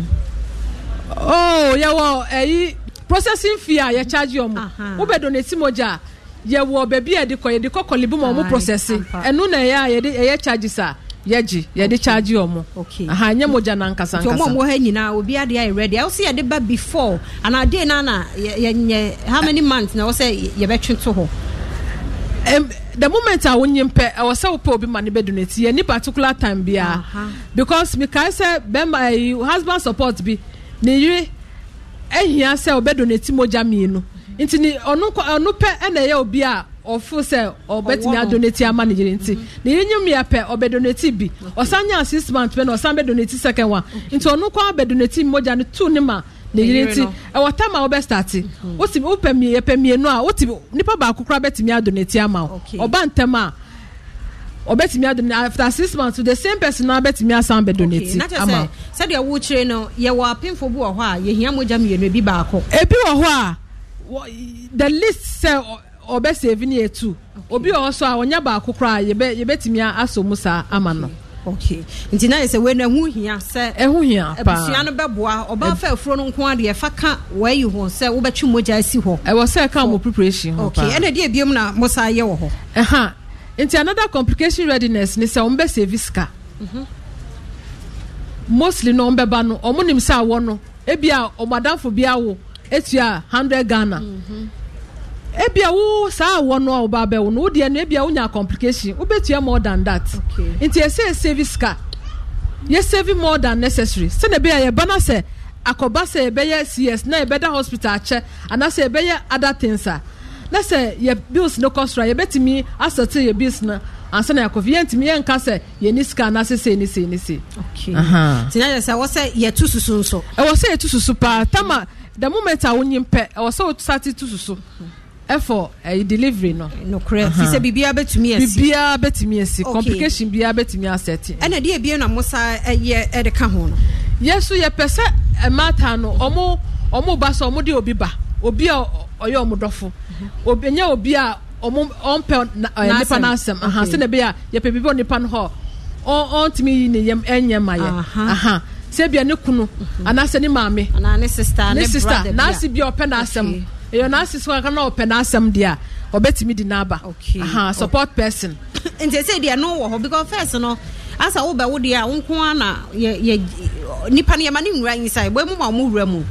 oh yɛwɔ ɛyi eh, processing fee a yɛ charge ɔmo wobɛdo ne ti mogya yɛwɔ beebi a yɛde kɔ yɛde kɔ kɔlibu ma ɔmo processing ɛnu na ɛyɛ a yɛde ɛyɛ charges a yɛgye yɛde kyagye ɔmo aha nyɛ mogya no ankasa nti ɔmo ɔmo ha nyinaa obi ade ayɛ ready ɛwɔ sɛ yɛde ba before anaa day na na yɛnyɛ how many months na ɛwɔ sɛ yɛbɛtwe to hɔ um, the moment a wonye mpɛ ɛwɔ sɛ wopɛ obi ma ne bɛdu ne ti yɛ ni particular time biara because mikae sɛ bɛrima yi eh, husband support bi ne yiri ehia sɛ ɔbɛdu ne ti mogya mmienu nti ni ɔno ɔno pɛ ɛna ɛyɛ obi a ɔfo sɛ ɔbɛtumi adonate ama ne yere nti na yɛnyim yɛ pɛ ɔbɛ donate bi ɔsan nya six months pɛ na ɔsan bɛ donate second one nti ɔno kɔ abɛ donate mogya no tu ne ma ne yere nti ɛwɔ tam a wɔbɛ start wosi wopɛ mie yɛpɛ mienu a wosi nipa baako kora bɛtumi adonate ama wo ɔba ntɛm a after six months the same person na bɛtumi asan bɛ donate ama wo. sɛdeɛ wɔrekyerɛ no yɛwɔ apemfo bi wɔ hɔ a yɛhia mogya mienu ebi baako. ebi wɔ hɔ a the list sɛ. ọbẹ ebi ni etu obi ọsọ a ọnya baako koraa yẹbẹ yẹbẹtumi asọ mu saa ama no. Okay. nti na yɛ sɛ wei no ɛho hia sɛ ɛho hia paa abusua no bɛboa ɔbaa fa afuro no nko adeɛ fa ka wayi ho sɛ wobɛtwe mogya asi hɔ ɛwɔ sɛ ɛka mo preparation ho paa ɛna ɛdeɛ biom na mo saa yɛ wɔ hɔ ɛha nti another complication readiness ne sɛ ɔmbɛ save sika mhm. mostly no ɔmbɛba no ɔmo nim sɛ awɔ no ebi a ɔmo adamfo bi awo etua hundred ghana. Mm -hmm. ebia wo saa awɔ no a ɔba abɛwo no wo deɛ no ebia wonya complication wobɛtua more than that nti yɛsɛ yɛsave sika yɛsave more than necessary sɛnɛ bi a yɛba na sɛ akɔba sɛ yɛbɛyɛ cs na yɛbɛda hospital akyɛ anaasɛ yɛbɛyɛ other things a na sɛ yɛ bills no kɔ soro a yɛbɛtumi asɛte yɛ bills no ansa na yakɔfi yɛntumi yɛnka sɛ yɛni sika anaasɛ sei ne sei ne se ntina yɛ sɛ ɛwɔ sɛ yɛtu susu nso. ɛwɔ sɛ yɛtu susu paa tama the moment a wonyim pɛ ɛwɔ sɛ wotu sati tu susu. Okay. ɛfɔ ɛyi eh, delivery no. nukurɛ abe bibiara bɛtumi ɛsi. bibiara bɛtumi ɛsi complication biara bɛtumi asɛti. ɛna deɛ ebien na musa ɛyɛ eh, ɛde eh, ka ho no. yɛso yɛpɛ sɛ ɛmaata no ɔmo ɔmo ba so ɔmo de obi ba obi a ɔyɛ ɔmo dɔfo mhm. obi nye obi a ɔmo ɔmpɛ nipa n'asɛm sɛ na ebi a yɛpɛ bibi wɔ nipa no hɔ ɔn ɔntumi yi ne yɛm ɛnyɛ ma yɛ ahan sɛ ebien ne kunu mhm. anaasɛ ne maame. anaa ne sista ne brother bi a ne sista naasi bi a ɔpɛ n'asɛm. ɛyɛ n'asisi wa kana ɔpɛ n'asɛm deɛ a ɔbɛtumi di n'aba support person. nti ese deɛ no wɔ hɔ because first no asa wo bɛ wo deɛ a wo nko yɛ yɛ nipa no yɛ ma ne nwura yin sa yɛ emu ma ɔmo wura mu.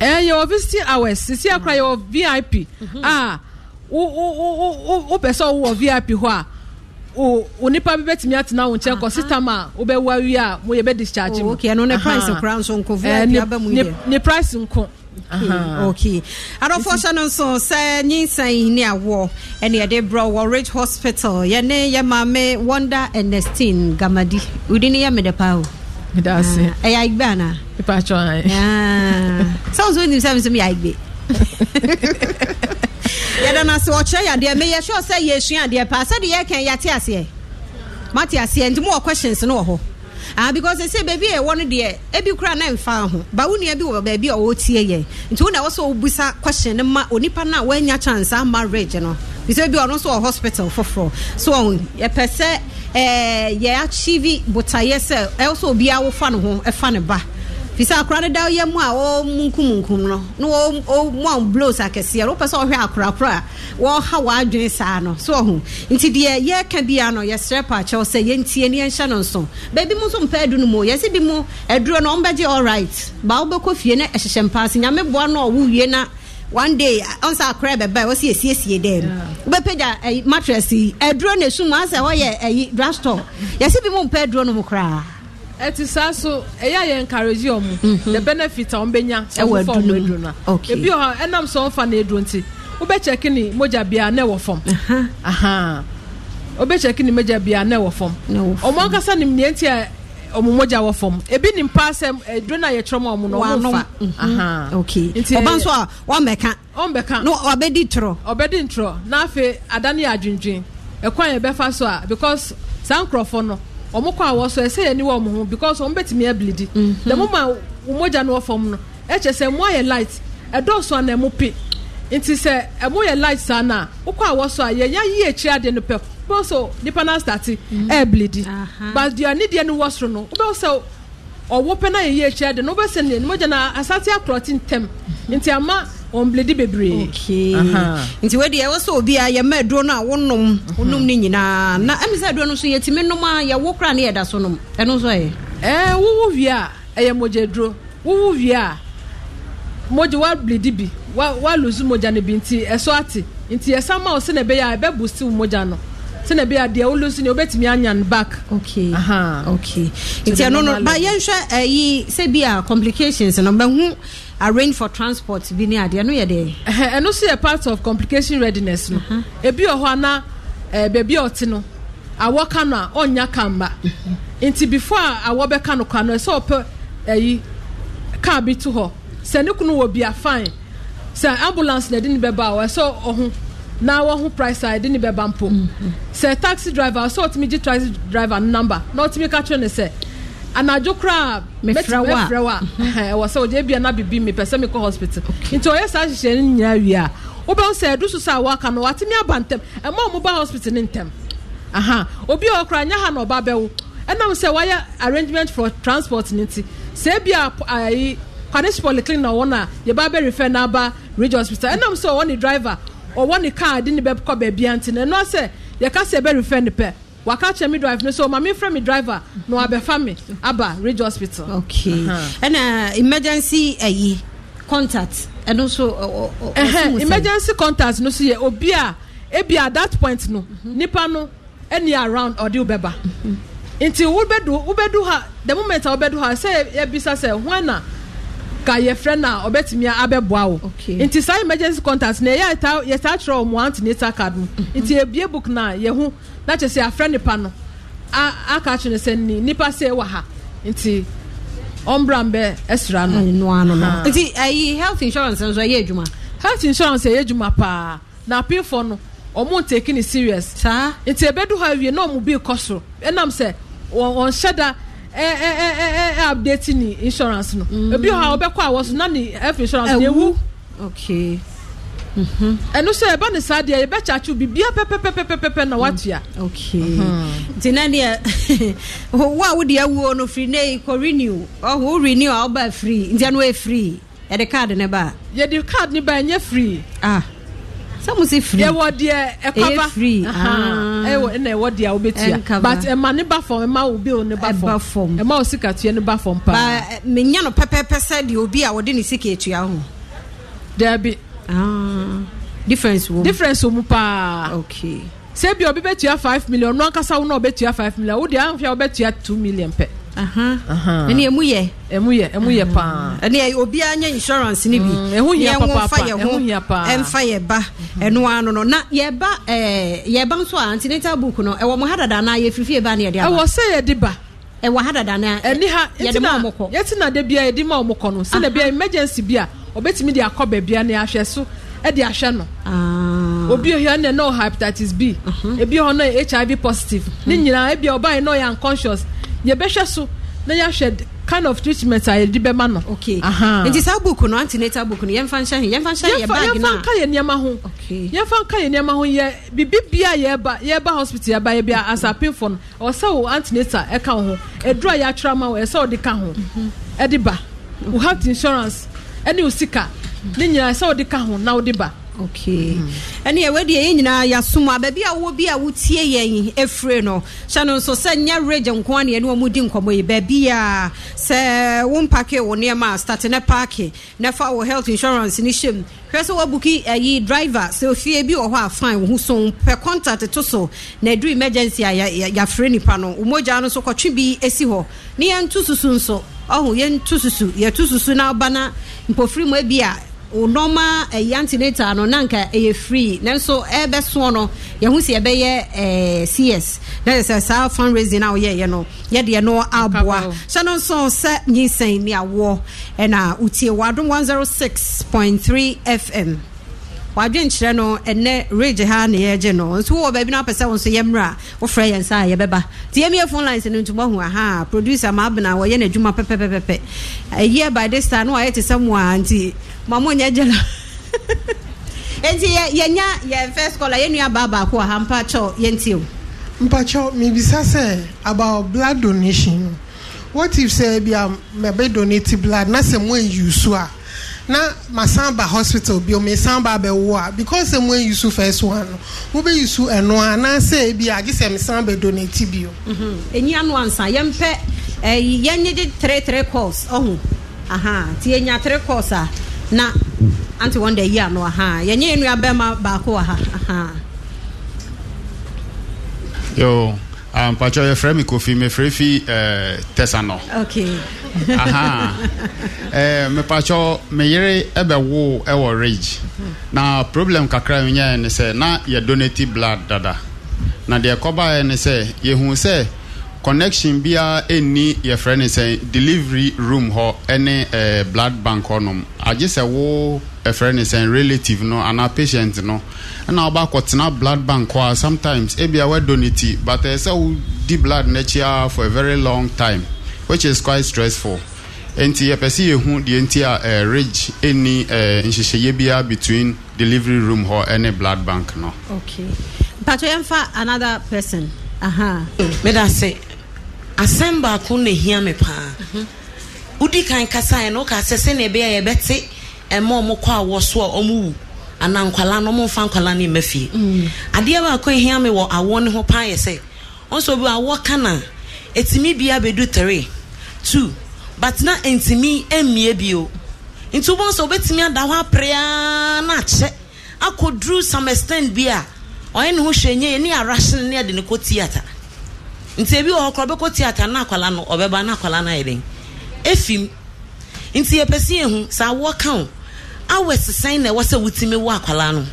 ɛɛ eh, yɛ wɔ visiting hours sisi akora yɛ wɔ vip mhm. a ah, wo wo wo wo wo pɛ sɛ ɔwɔ vip hɔ a bi bɛtumi atena wo nkyɛn kɔ a a bɛ discharge mu price nko okay adɔfoɔ hyɛ no nso sɛ nyinsɛn ne awoɔ ɛne yɛde brɛ wɔ rich hospital yɛne yɛ maame wonder ernestine gamadi wodi ne yɛ mede paa o ɛyɛ agbe anaa sɛ wo so wonim sɛ me so meyɛ agbe yɛda no ase wɔkyerɛ yɛadeɛ meyɛ sure sɛ yɛsua adeɛ paa sɛdeɛ yɛka yɛate aseɛ mate aseɛ nti mowɔ questions no wɔ hɔ ah because ɛsɛ baabi a ɛwɔ no deɛ ebi kura na nfa ho ba wo nua bi wɔ baabi a ɔwɔ tie yɛ nti wo na ɛwɔ sɛ wobusa question no ma onipa no a wanya chance ama rage no bisɛ bi ɔno nso wɔ hospital foforɔ so ɔho yɛpɛ sɛ ɛɛ yɛ achieve botaeɛ sɛ ɛwɔ sɛ obiara wofa ne ho ɛfa ne ba fisa akora no da yɛ mu a wɔmunkumunkum no na wɔmu a blows akɛseɛ no wopɛ sɛ ɔhwɛ akorakora a wɔha wɔadwene saa no so ɔho nti deɛ yɛka bia no yɛsrɛ paakyɛw sɛ yɛntie ne yɛnhyɛ no nso baabi mu nso mpɛ adu no mu yɛsɛ bi mu aduro no ɔmbɛgye alright ba wobɛkɔ fie na ɛhyehyɛ mpaase nyame boa no a wowie na one day ɔnsa akora bɛba wɔsi esiesie dɛm wobɛpagya ɛyi eh, mattress yi aduro na esu mu asɛ wɔyɛ ɛyi eh, drugstore yɛsɛ bi mu mpɛ aduro no mu koraa ɛti saa so ɛyɛ ayɛ encourage ɔmo mhm. the benefit a ɔmo bɛnya ɛwɔ fɔm edu na ebi ɔha ɛnam sɛ ɔfa na edu nti wobɛ kyɛki ni mogya bia na ɛwɔ fɔm wobɛ kyɛki ni mogya bia na ɛwɔ fɔm ɔmo ankasa nim nea nti a ɔmo mogya wɔ fɔm ebi nim paa sɛ edu na yɛ kyerɛ mu ɔmo na ɔmo fa mhm. nti ɔba nso a ɔmbɛka ɔmbɛka na ɔbɛdi ntorɔ ɔbɛdi ntorɔ n'afɛ adani adwindwin ɛkwan yɛ bɛfa so a because saa nkorɔfo no. ɔmo kɔ a wɔ so ɛsɛ yɛ ni wɔ ɔmo ho because ɔmo bɛtumi ɛbilidi the moment ɔmogya no wɔ fam no ɛkyɛ sɛ ɛmo ayɛ light ɛdɔɔso e a na ɛmo pe nti sɛ ɛmo yɛ light saa na wokɔ a wɔ so a yɛnya yi akyire adeɛ no pɛ wobɛwɔ so nipa na mhm. e di. ɛbilidi but ni ne deɛ no wɔ soro no wobɛwɔ sɛ ɔwɔ pɛ na yɛyi akyire adeɛ no wobɛsɛ ne mogya na asate akorɔte ntɛm nti ama. ɔmbledi bebree nti wadi ɛwɔ sɛ obi a yɛma aduro no a wonom wonom no nyinaa na ɛmi sɛ aduro no so yɛtumi nom a yɛwo kora ne yɛda so nom ɛno nso ɛyɛ ɛɛ wowo wie a ɛyɛ mogya aduro wowo wie a mogya wabledi bi walusu mogya no bi nti ɛso ate nti ɛsa ma wo sɛ na ɛbɛyɛ a ɛbɛbu si wo mogya no sɛna bi adeɛ wolosi ne wobɛtumi anya no back okay aha okay nti ɛno no ba yɛnhwɛ ayi eh, sɛ bi a complications no mahu arrange for transport bi ne adeɛ no yɛ deɛ ɛno so yɛ part of complication readiness no ebi wɔ hɔ ana eh, baabi a ɔte no awɔ ka no a ɔnya kamba mhm. nti before a awɔ bɛka no kwa no ɛsɛ ɔpɛ ayi eh, car bi to hɔ sɛ ne kunu wɔ bi a fine sɛ ambulance na ɛde ne bɛba a ɔsɛ ɔho na wɔho price a yɛde ne bɛba mpo mm, mm. sɛ taxi driver sɛ ɔtumi gye taxi driver no number na ɔtumi ka kyerɛ ne sɛ anadwo koraa mɛfrɛ wo a ɛwɔ sɛ ɔgye bia na bibi mepɛ sɛ mekɔ hospital nti ɔyɛ saa hyehyɛ no nyinaa wie a wobɛhu sɛ ɛdu so sɛ a woaka no watumi aba ntɛm ɛma ɔmo ba hospital ne ntɛm aha obi a ɔkora nyɛ ha na ɔba bɛwo ɛnam sɛ wayɛ arrangement for transport no nti sɛ ebi a ayi kwanesi polyclinic na ɔwɔ no a yɛba bɛrefɛ no aba region hospital ɛnam sɛ ɔwɔ driver ɔwɔ ne kaa de ne bɛkɔ baabi anti na ɛno sɛ yɛka sɛ ɛbɛ refɛ ne pɛ waka kyerɛ me drive no so maame frɛ me driver na wabɛfa me aba rage hospital. okay ɛna uh-huh. emergency ayi eh, contact ɛno nso ɔsɛ emergency contact no so yɛ obi a ebi at that point no mm-hmm. nipa no ɛni around ɔde wobɛba nti wobɛdu wobɛdu ha the moment a wobɛdu ha sɛ yɛbisa sɛ hɔn ka yɛ frɛ na ɔbɛtumi abɛboa wo nti saa emergency contact na yɛ ta yɛ ta kyerɛ ɔmo antinata card mu nti ebie book na yɛ ho na kyerɛ sɛ afrɛ nipa no a aka kyerɛ sɛ ni nipa sɛ ɛwɔ ha nti ɔmbra mbɛ ɛsra no. nti ayi eh, health insurance nso ɛyɛ adwuma. health insurance ɛyɛ adwuma paa na apinfo no ɔmo ntaki ni serious. saa nti ebedu ha awie na ɔmo bi kɔ so ɛnam sɛ wɔn wɔn hyɛ Eh, eh, eh, update ne insurance no mm. ebi hɔ mhm. a wɔbɛkɔ a wɔ so na health insurance no ewu ɛno sɛ ɛba ne saa deɛ bi biribia pɛpɛpɛpɛpɛ na woatua nti na deɛ wo a wode o no firi ne kɔ renew wo renew a woba firi nti ɛno ɛyɛ firi yɛde card ne ba a yɛde card ne ba ɛnyɛ firi sẹ́mu sí free yẹ wọ deɛ ɛkɔba ɛyɛ free ah. ɛwɔ ɛna ɛwɔ deɛ a wobɛtua but ɛma ne ba fam ɛma wo bill ne ba fam ɛma wo sika tua ne ba fam paa baa eh, menya no pɛpɛpɛ sɛ deɛ obi a wɔde ne sika etua ho daabi ah. difference wo difference wo mu paa okay sɛ bi obi tia five million no ankasa wo na tia five million wo deɛ ahofia tia two million pɛ ɛne emu yɛ Emu yɛ ɛmu yɛ paa ɛne obiara nyɛ insurance ne bi mm, ɛho hia papa ɛho hia paa ɛmfa yɛ ba mm-hmm. ɛno ano no na yɛ ɛɛ yɛ nso a antenatal book no ɛwɔ mo ha dada na yɛ fifi ne yɛde aba ɛwɔ sɛ yɛde ba ɛwɔ ha dada na ɛne ha yɛde ma ɔmo kɔ yɛte na de bia yɛde ma ɔmo kɔ no sɛnɛ bia emergency bia ɔbɛtumi de akɔ baabi a ne ahwɛ so ɛde ahwɛ no ah. obi ohia ne na ɔha hepatitis b ebi hɔ no hiv positive ne hmm. nyinaa ebi ɔbaa unconscious yɛbɛhwɛ so na yɛahwɛ kind of treatment a yɛde bɛma no. okay nti saa book no antenatal book no yɛmfa nhyɛ hin yɛmfa nhyɛ yɛ baagi nka yɛ nneɛma ho okay yɛmfa nka yɛ nneɛma ho yɛ bibi bia yɛba yɛba hospital yɛba yɛ bia asapinfo no ɔsɛ wo antenatal ɛka wo ho aduro a yɛatwerɛ ama wo ɛsɛ ɔde ka ho ɛde ba wo health insurance ɛne wo sika ne nyinaa ɛsɛ ɔde ka ho na ɔde ba. okay ɛne yɛwɔ deɛ yɛn nyinaa yɛasom a baabi a wowɔ bi a wotie yɛn ɛfire no hyɛ no nso sɛ nyɛ rage nko a neɛ ne ɔmu di nkɔmmɔ yi baabi a sɛ wompake wo nneɛma a starte ne parke na fa wo health insurance ne hyɛ mu hwɛ sɛ woabuki ayi driver sɛ ofie bi wɔ hɔ a fine wo ho so pɛ contact eh, to so na ɛduru emergency a yɛafrɛ nnipa no wo mogya no nso kɔtwe bi ɛsi hɔ ne yɛnto susu nso ɔho yɛnto susu yɛto susu na ɔba na mpɔfiri mu abi a nɔɔma ɛyɛ eh, antinata no na ɛyɛ free nanso ɛbɛsoɔ no yɛho si ɛbɛyɛ ɛɛ eh, cs na yɛ sɛ saa fundraising a wɔyɛɛyɛ no yɛdeɛ no aboa hyɛ no nso sɛ nyinsɛn ne awoɔ ɛna wotie wɔ one zero six point three fm wadwenkyerɛ no ɛnɛ rage ha na yɛgye no nso wɔ baabi no apɛ sɛ wo nso yɛmmerɛ a wofrɛ yɛn sa a yɛbɛba nti yɛmiɛ phone lines no nti moahu aha producer maabena wɔyɛ n'adwuma pɛpɛpɛpɛpɛ ɛyɛ by this time no wayɛ te sɛ mo a nti mamo nyɛ gyela nti yɛnya yɛn first caller yɛnnua baa baako a ha mpa kyɛw yɛntie o mpakyɛw mebisa sɛ about blood donation what if sɛ bia mɛbɛ donate blood na sɛ mo ayi so a na masan ba hospital bi o mesan ba abɛwo a because emu eyi su first one no wo bɛ yi su ɛno a n'asɛ ebi a gyesɛ mesan bɛ donate bi o. Mhm. enyi anu ansa yɛn pɛ ɛyi yɛn nye de three three calls ɔho ti yɛn nya three calls a na anti wɔn de yi ano yɛn nye enua bɛrima baako wɔ ha. yoo. mpatsɔ yɛ fɛ kofi fi ɛɛ tɛsanɔ. ok. ɛɛ mɛ patsɔ wo ɛwɔ rage na problem kakra mi yɛ sɛ na yɛ donate blood dada na deɛ kɔba yɛ ni sɛ sɛ connection bia ɛni yɛfrɛ ni sɛ delivery room hɔ ɛne eh, blood bank hɔ nom agye sɛ wo. ɛfrɛ ne sɛn relative no anaa patient no back what's not blood bank or sometimes ebia eh, wɔadɔ ne ti but ɛɛ sɛ wodi blood n'akyi for a very long time which is quite stressful nti yɛpɛ sɛ yɛhu deɛ nti a ɛɛ ridge between delivery room or any blood bank no. okay but to enfa another person. uh-huh asɛm baako say assemble me paa wodi me pa yɛn in ka sɛ sɛ na ebe a yɛbɛte. ɛma ɔmo kɔ awɔ so a ɔmo wu ana nkwala no ɔmo nfa nkwala no mma fie mm. adeɛ baako ehia mi wɔ awɔ ne ho paa yɛ sɛ ɔnso bi awɔ kana etimi bia bedu tere two but na ntumi emie bio nti wɔn nso obetumi ada hɔ aprea na akyɛ akɔduru some extent bi a ɔyɛ ne ho hwɛ nye ne arahyɛn ne yɛde ne kɔ theatre nti ebi wɔ hɔ korɔ bɛkɔ theatre na akwala no ɔbɛba na akwala no ayɛ den efim nti yɛpɛ si ehu sa awɔ kan o. hours sɛn na ɛwɔ sɛ wotumi wo akwala no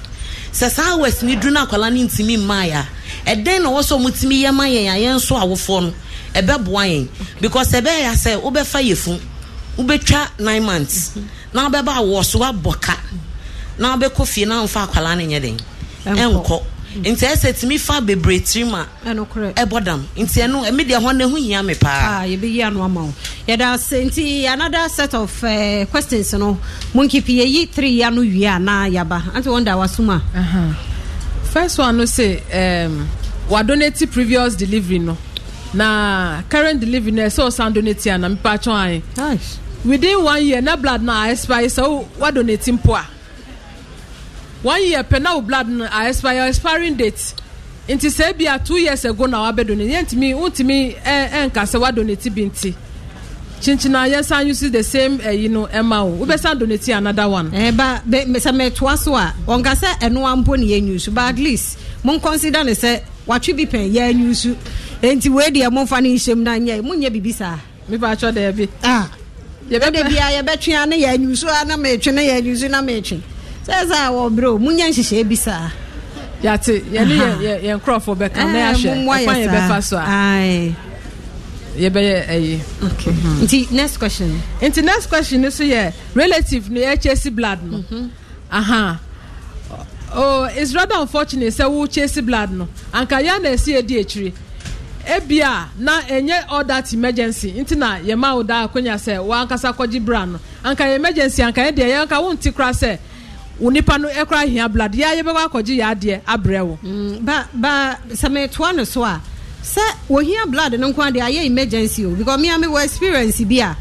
sɛ saa hours ne duru no no ntumi mmaa a ɛdɛn na ɛwɔ sɛ ɔmotumi yɛ ma a yɛn nso awofoɔ no ɛbɛboa yɛn because ɛbɛyɛ sɛ wobɛfa yɛ wobɛtwa nine months na wobɛba awoɔ so na wobɛkɔ fie na akwala no nyɛ den nti ɛsɛ mi fa bebree tirim a ɛbɔ dam nti ɛnu ɛmi deɛ hɔn ɛho yia mi paa. a ah, yɛbɛ yi ano ama o yɛda se nti another set of uh, questions no munkipi yɛyi three yanu wia na yaba anti wɔn da wa suma. Uh -huh. first one no say um, wa donate previous delivery no na current delivery na ɛsɛ ɔsan donate a na mipa atwɛn anyi within one year na blood na expire sɛ wa donate mpo a one year pɛ na blood no a expire expiring date nti sɛ ebia two years ago na wabɛ donate yɛn ntumi ntumi ɛɛ eh, ɛnka eh, sɛ wa donate bi nti kyinkyin a yɛsan use the same ɛyi no ɛma o wobɛsan donate another one. ɛɛba eh, bɛ sɛ mɛtoa so a wɔnka sɛ ɛnoa mpo ne yɛn nyusu but at least mo n consider ne sɛ watwi bi pɛn yɛn nyusu nti wei deɛ mo nfa ne nhyɛm ah, na nyɛ mo nyɛ bibi saa. mipa atwa dɛɛbi. ah yɛbɛ bia yɛbɛtwea ne yɛn nyusu a na mɛtwe ne yɛn nyusu na mɛtwe. sɛ sɛ a wɔbrɛ mu nya nhyehyɛ bi saa yɛate yɛne yɛn nkurɔfoɔ bɛka eh, na yɛahwɛ ɛkwan yɛbɛfa so a yɛbɛyɛ ɛyi mhm. nti next question nti next question no so yɛ relative no yɛkyɛsi blood no mhm. aha oh it's rather unfortunate sɛ wokyɛsi blood no anka yɛn na esi edi akyire ebia na enye all that emergency nti na yɛma wo da akonya sɛ wɔn ankasa kɔgye bra no anka emergency anka yɛ deɛ yɛn anka wɔn ti kora sɛ. wo nipa no ɛkora hia blood yɛ yɛbɛkɔ akɔgye yɛ adeɛ abrɛ wo. Mm, ba ba sɛmɛtoa no so a sɛ wohia blood no nko adeɛ ayɛ emergency o because mi a mi wɔ experience bi a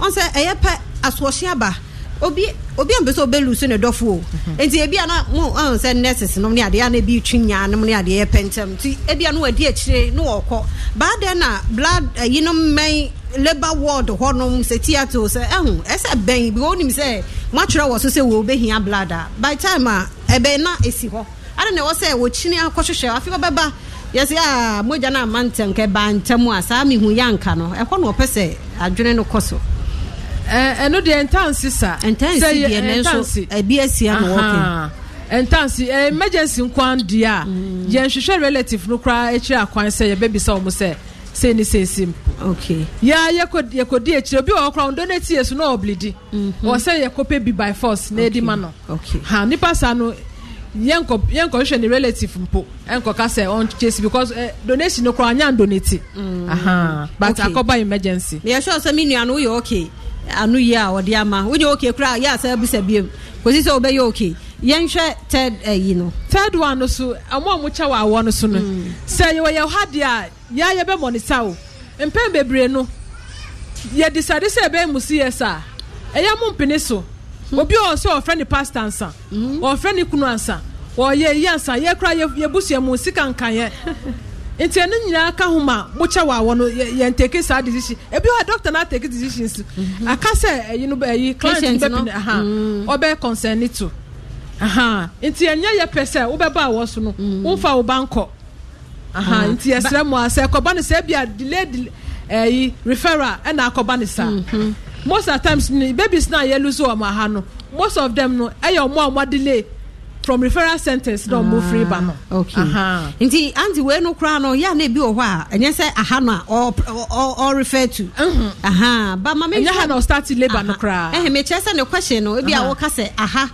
wɔn sɛ ɛyɛ pɛ asoɔhyɛ aba obi obi a mpɛ sɛ ɔbɛlu so ne dɔfo o mhm. nti ebi a na mo ɔn sɛ nurses nom ne adeɛ a ebi e twi nyaa nom ne adeɛ yɛ pɛntɛm nti ebi a na wɔadi akyire e na wɔkɔ baa na blood ɛyinom eh, mɛn labour ward hɔnom sɛ theatre sɛ ɛho ɛsɛ bɛn bi wɔnim sɛ moatwerɛ wɔ so sɛ wɔbɛhia blood a by time a ɛbɛn na ɛsi hɔ ade na ɛwɔ sɛ wɔkyini akɔhwehwɛ afei wɔbɛba yɛsɛ a ah, mogya no ama ntɛm kɛ ba ntɛm a saa mehu yɛ anka no ɛhɔ na ɔpɛ sɛ adwene no kɔ so ɛno deɛ ntansi sa ntansi deɛ ne nso ɛbi asia na wɔkɛ ntansi emergency nkwan deɛ a mm. yɛnhwehwɛ relative no koraa akyire akwan sɛ yɛbɛbisa wɔn sɛ sɛni sɛnsi mu okay yɛa yɛkɔ yɛkɔdi akyire obi wɔ ɔkora donate yɛ so na ɔblidi mm-hmm. wɔ sɛ yɛkɔpɛ bi by force na ɛdi ma no ha nipa saa no yɛnkɔ yɛnkɔhwehwɛ ne relative mpo ɛnkɔka sɛ ɔnkyesi because eh, donation no koraa nyan donate mm. aha but okay. akɔba emergency na yɛhwɛ sɛ me nua no woyɛ okay anu yie a ɔde ama woyɛ okay koraa yɛ asɛ abisa biam kɔsi sɛ wobɛyɛ okay yɛnhwɛ third ɛyi eh, no. third one no so ɔmo a mo kyɛ wɔ awɔ no so no mm. sɛ yɛwɔ yɛ ha deɛ a yɛayɛ bɛ mɔni sa o mpɛn bebree no yɛde sade sɛ ɛbɛn mu si yɛ sa ɛyɛ mo mpene so hmm. obi a ɔsɛ ɔfrɛ ne pastor ansa hmm. ɔfrɛ ne kunu ansa ɔyɛ eyi ansa yɛ kura yɛ busua mu sika nkanyɛ nti ɛno nyinaa ka ho ma mo kyɛ wɔ awɔ no yɛn teke saa decision ebi hɔ doctor na teke decisions mm-hmm. aka sɛ ɛyi no ɛyi client bɛ pene ha mm. ɔbɛ concern ne to. nti ɛnyɛ yɛ pɛ sɛ wobɛba a so no mm. womfa wo ba nkɔ mm. nti yɛsrɛ mu a sɛ ɛkɔba no sɛ bia delay ɛyi eh, refera ɛna akɔba no saa mhm. most of times ni babies na yɛ lose wɔn aha no most of them no ɛyɛ ɔmo a ɔmo delay from referral centres na ɔmo firi ba no. Ah, nti anti wee no koraa no yɛa na ebi wɔ hɔ a ɛnyɛ sɛ aha no a ɔrefer to. Mhm. ɛnyɛ ha na ɔstart labour no koraa. ɛhɛn mɛ kyerɛ sɛ ne question no ebi a wɔka sɛ aha.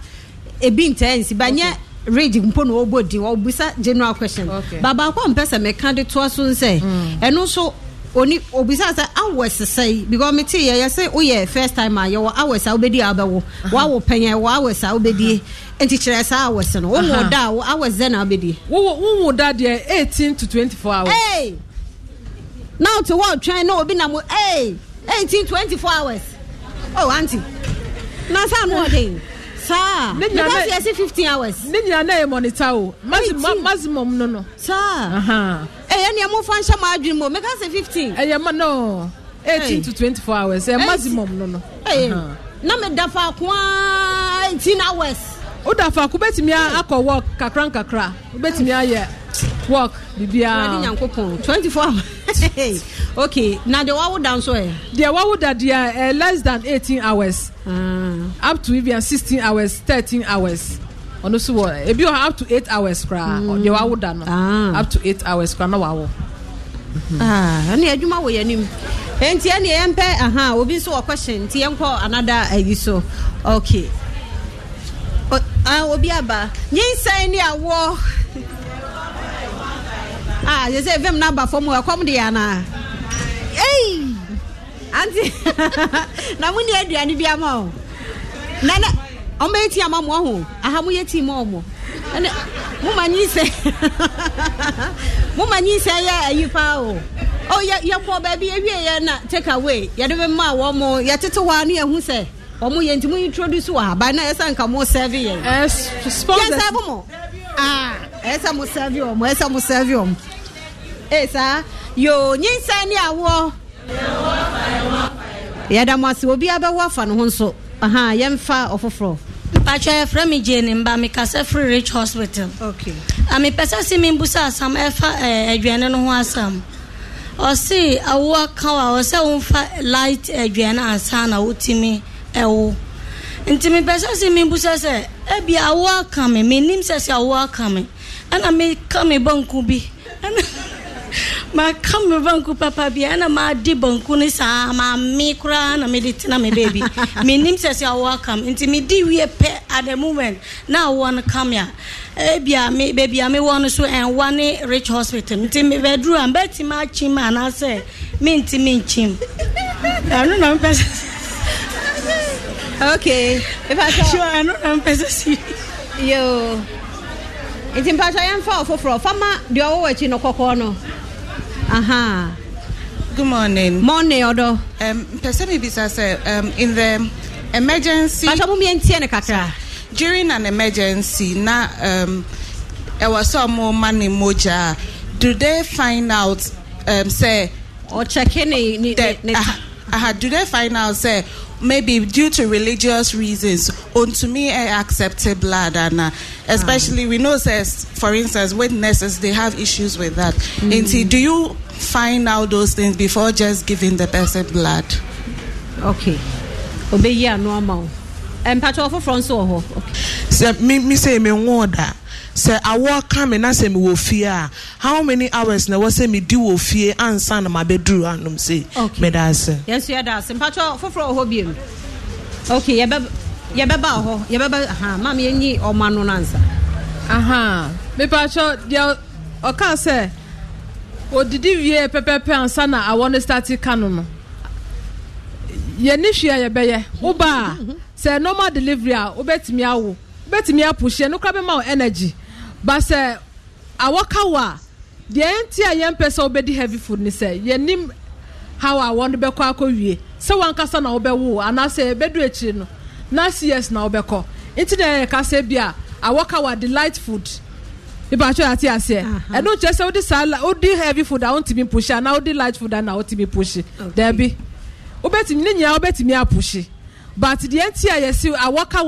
ebi ntaa nsi ba nyɛ rage mpo na ɔbɔ din ɔbisa general question ba baako a mpɛ sɛ mɛka de toa mm. so nsɛ ɛno nso oni obisa sɛ awɔ sisa yi because mi ti yɛ yɛ sɛ woyɛ first time a yɛwɔ awɔ sa wobɛdi abɛwo wawɔ pɛnyɛ wɔ awɔ sa wobɛdi uh-huh. nti kyerɛ saa awɔ sa no wɔn uh-huh. da awɔ awɔ zɛ na wobɛdi. wɔn wɔn da deɛ eighteen to twenty four hours. ee now to wɔn twɛn na obi na mo ee eighteen twenty four hours oh aunty na saa mo ɔden saa ne nyina ne because yɛsi fifteen hours. ne nyina ne yɛ mɔnita o maximum no no. saa eh, ɛyɛ ni ɛmu fan hyɛ mu adwiri mu mɛka sɛ fifteen. ɛyɛ ma no eighteen eh. to twenty four hours ɛyɛ eh. maximum no no. na mi dafa kun eighteen hours o da fa ko betumi akɔ work kakra nkakra o betumi ayɛ work bibiara. wadi nyanko pon twenty four hours okay na deɛ wawo da nso yɛ. deɛ wawo da deɛ ɛ less than eighteen hours. Mm. up to even sixteen hours thirteen hours ɔno so wɔ ebi wɔ up to eight hours koraa deɛ wawo da no ah. up to eight hours koraa na wawo. ɛne adwuma wɔ yɛnim nti ɛne yɛmpɛ aha obi nso wɔ question nti yɛnkɔ anada ayi so okay. obi aba nyinsɛn ne awoɔ a yɛ sɛ fam no aba fam ɛkɔm deɛ anaa ei anti na mo ne aduane bi ama o na na ɔmbɛyɛ ti ama mmoa ho aha moyɛ ti ma ɔmɔ ɛne moma nyinsɛ moma nyinsɛ yɛ ayi paa o o oh, yɛkɔ baabi ɛwieyɛ na take away yɛde ma a mu. mo yɛtete hɔ a ne yɛhu Ọmụ yɛ nti mụ introduce wɔ aba na ɛsɛ nka mo serve yɛ yɛ serve mo mụ. ɛsɛ mo serve ọmụ ɛsɛ mo serve ọmụ. ee eh, saa yoo nye nyinsa ni awoɔ yɛda mo asị obi abɛwɔ afa ne ho nso yɛmfa ɔfoforɔ mpatwa yɛfrɛ me gye ne mba mekasɛ free rich hospital amepɛ si se mbusa asam efa aduane e, e no ho asam ɔse awoa ka a ɔ sɛ womfa light aduane e ansa na ọ timi. ɛwo nti mepɛ sɛ se ebi awo aka me menim sɛ sɛ awo aka me ɛna meka banku bi ɛna maka me banku papa bi ɛna banku saa na mede me baabi menim sɛ sɛ awo aka me nti wie pɛ at the moment na awoɔ no ka me a ebia a no so ɛnwa rich hospital nti mebɛduru a mbɛtumi akyim anaasɛ mentimi nkyim ɛno na mepɛ okay mpatsɔ sure ano na si yo nti mpatsɔ yɛmfa wo foforɔ fama deɛ ɔwɔ wɔ akyi no kɔkɔɔ no aha good morning morning ɔdɔ um, mpɛ sɛ mebisa sɛ um, in the emergency mpatsɔ mo miɛntiɛ no kakra during an emergency na um, ɛwɔ sɛ ɔmo ma ne mogya a do they find out um, sɛ ɔkyɛke ne ne ne aha do they find out sɛ maybe due to religious reasons me, I accept blood and uh, especially we know says for instance witnesses they have issues with that mm. nti do you find out those things before just giving the person blood. okay obeyi yeah, normal. And mpatwa foforɔ nso Okay. hɔ. me say me sɛ mi sɛ awoɔ ka me na sɛ mewɔ fie a how many hours na ɛwɔ sɛ medi wɔ fie ansa na mabɛduru anom se meda ase yɛnso yɛda ase mpatwɛ foforɔ wɔ hɔ biom ok yɛbɛba wɔ hɔ yɛbɛba aha mam yɛnyi ɔma no no ansa aha mepatwɛ deɛ ɔka sɛ wɔdidi wie pɛpɛpɛ ansa na awɔ no start ka no no yɛne hwee a yɛbɛyɛ woba a sɛ normal delivery a wobɛtumi awo wobɛtumi apuhyɛ no kora bɛma wo energy ba awɔka wo deɛ a yɛmpɛ sɛ wobɛdi heavy food ne sɛ yɛnim how a wɔn bɛkɔ akɔwie sɛ wankasa na wobɛwo anaasɛ ɛbɛdu akyiri no na cs na wobɛkɔ nti na yɛka sɛ bi a awɔka wo a food ibaatwa ati aseɛ ɛno nkyɛ sɛ odi saa heavy food a wontumi mpohye ana odi light food a na pushi ne nyinaa wobɛtumi apohye but deɛ nti a yɛsi awɔka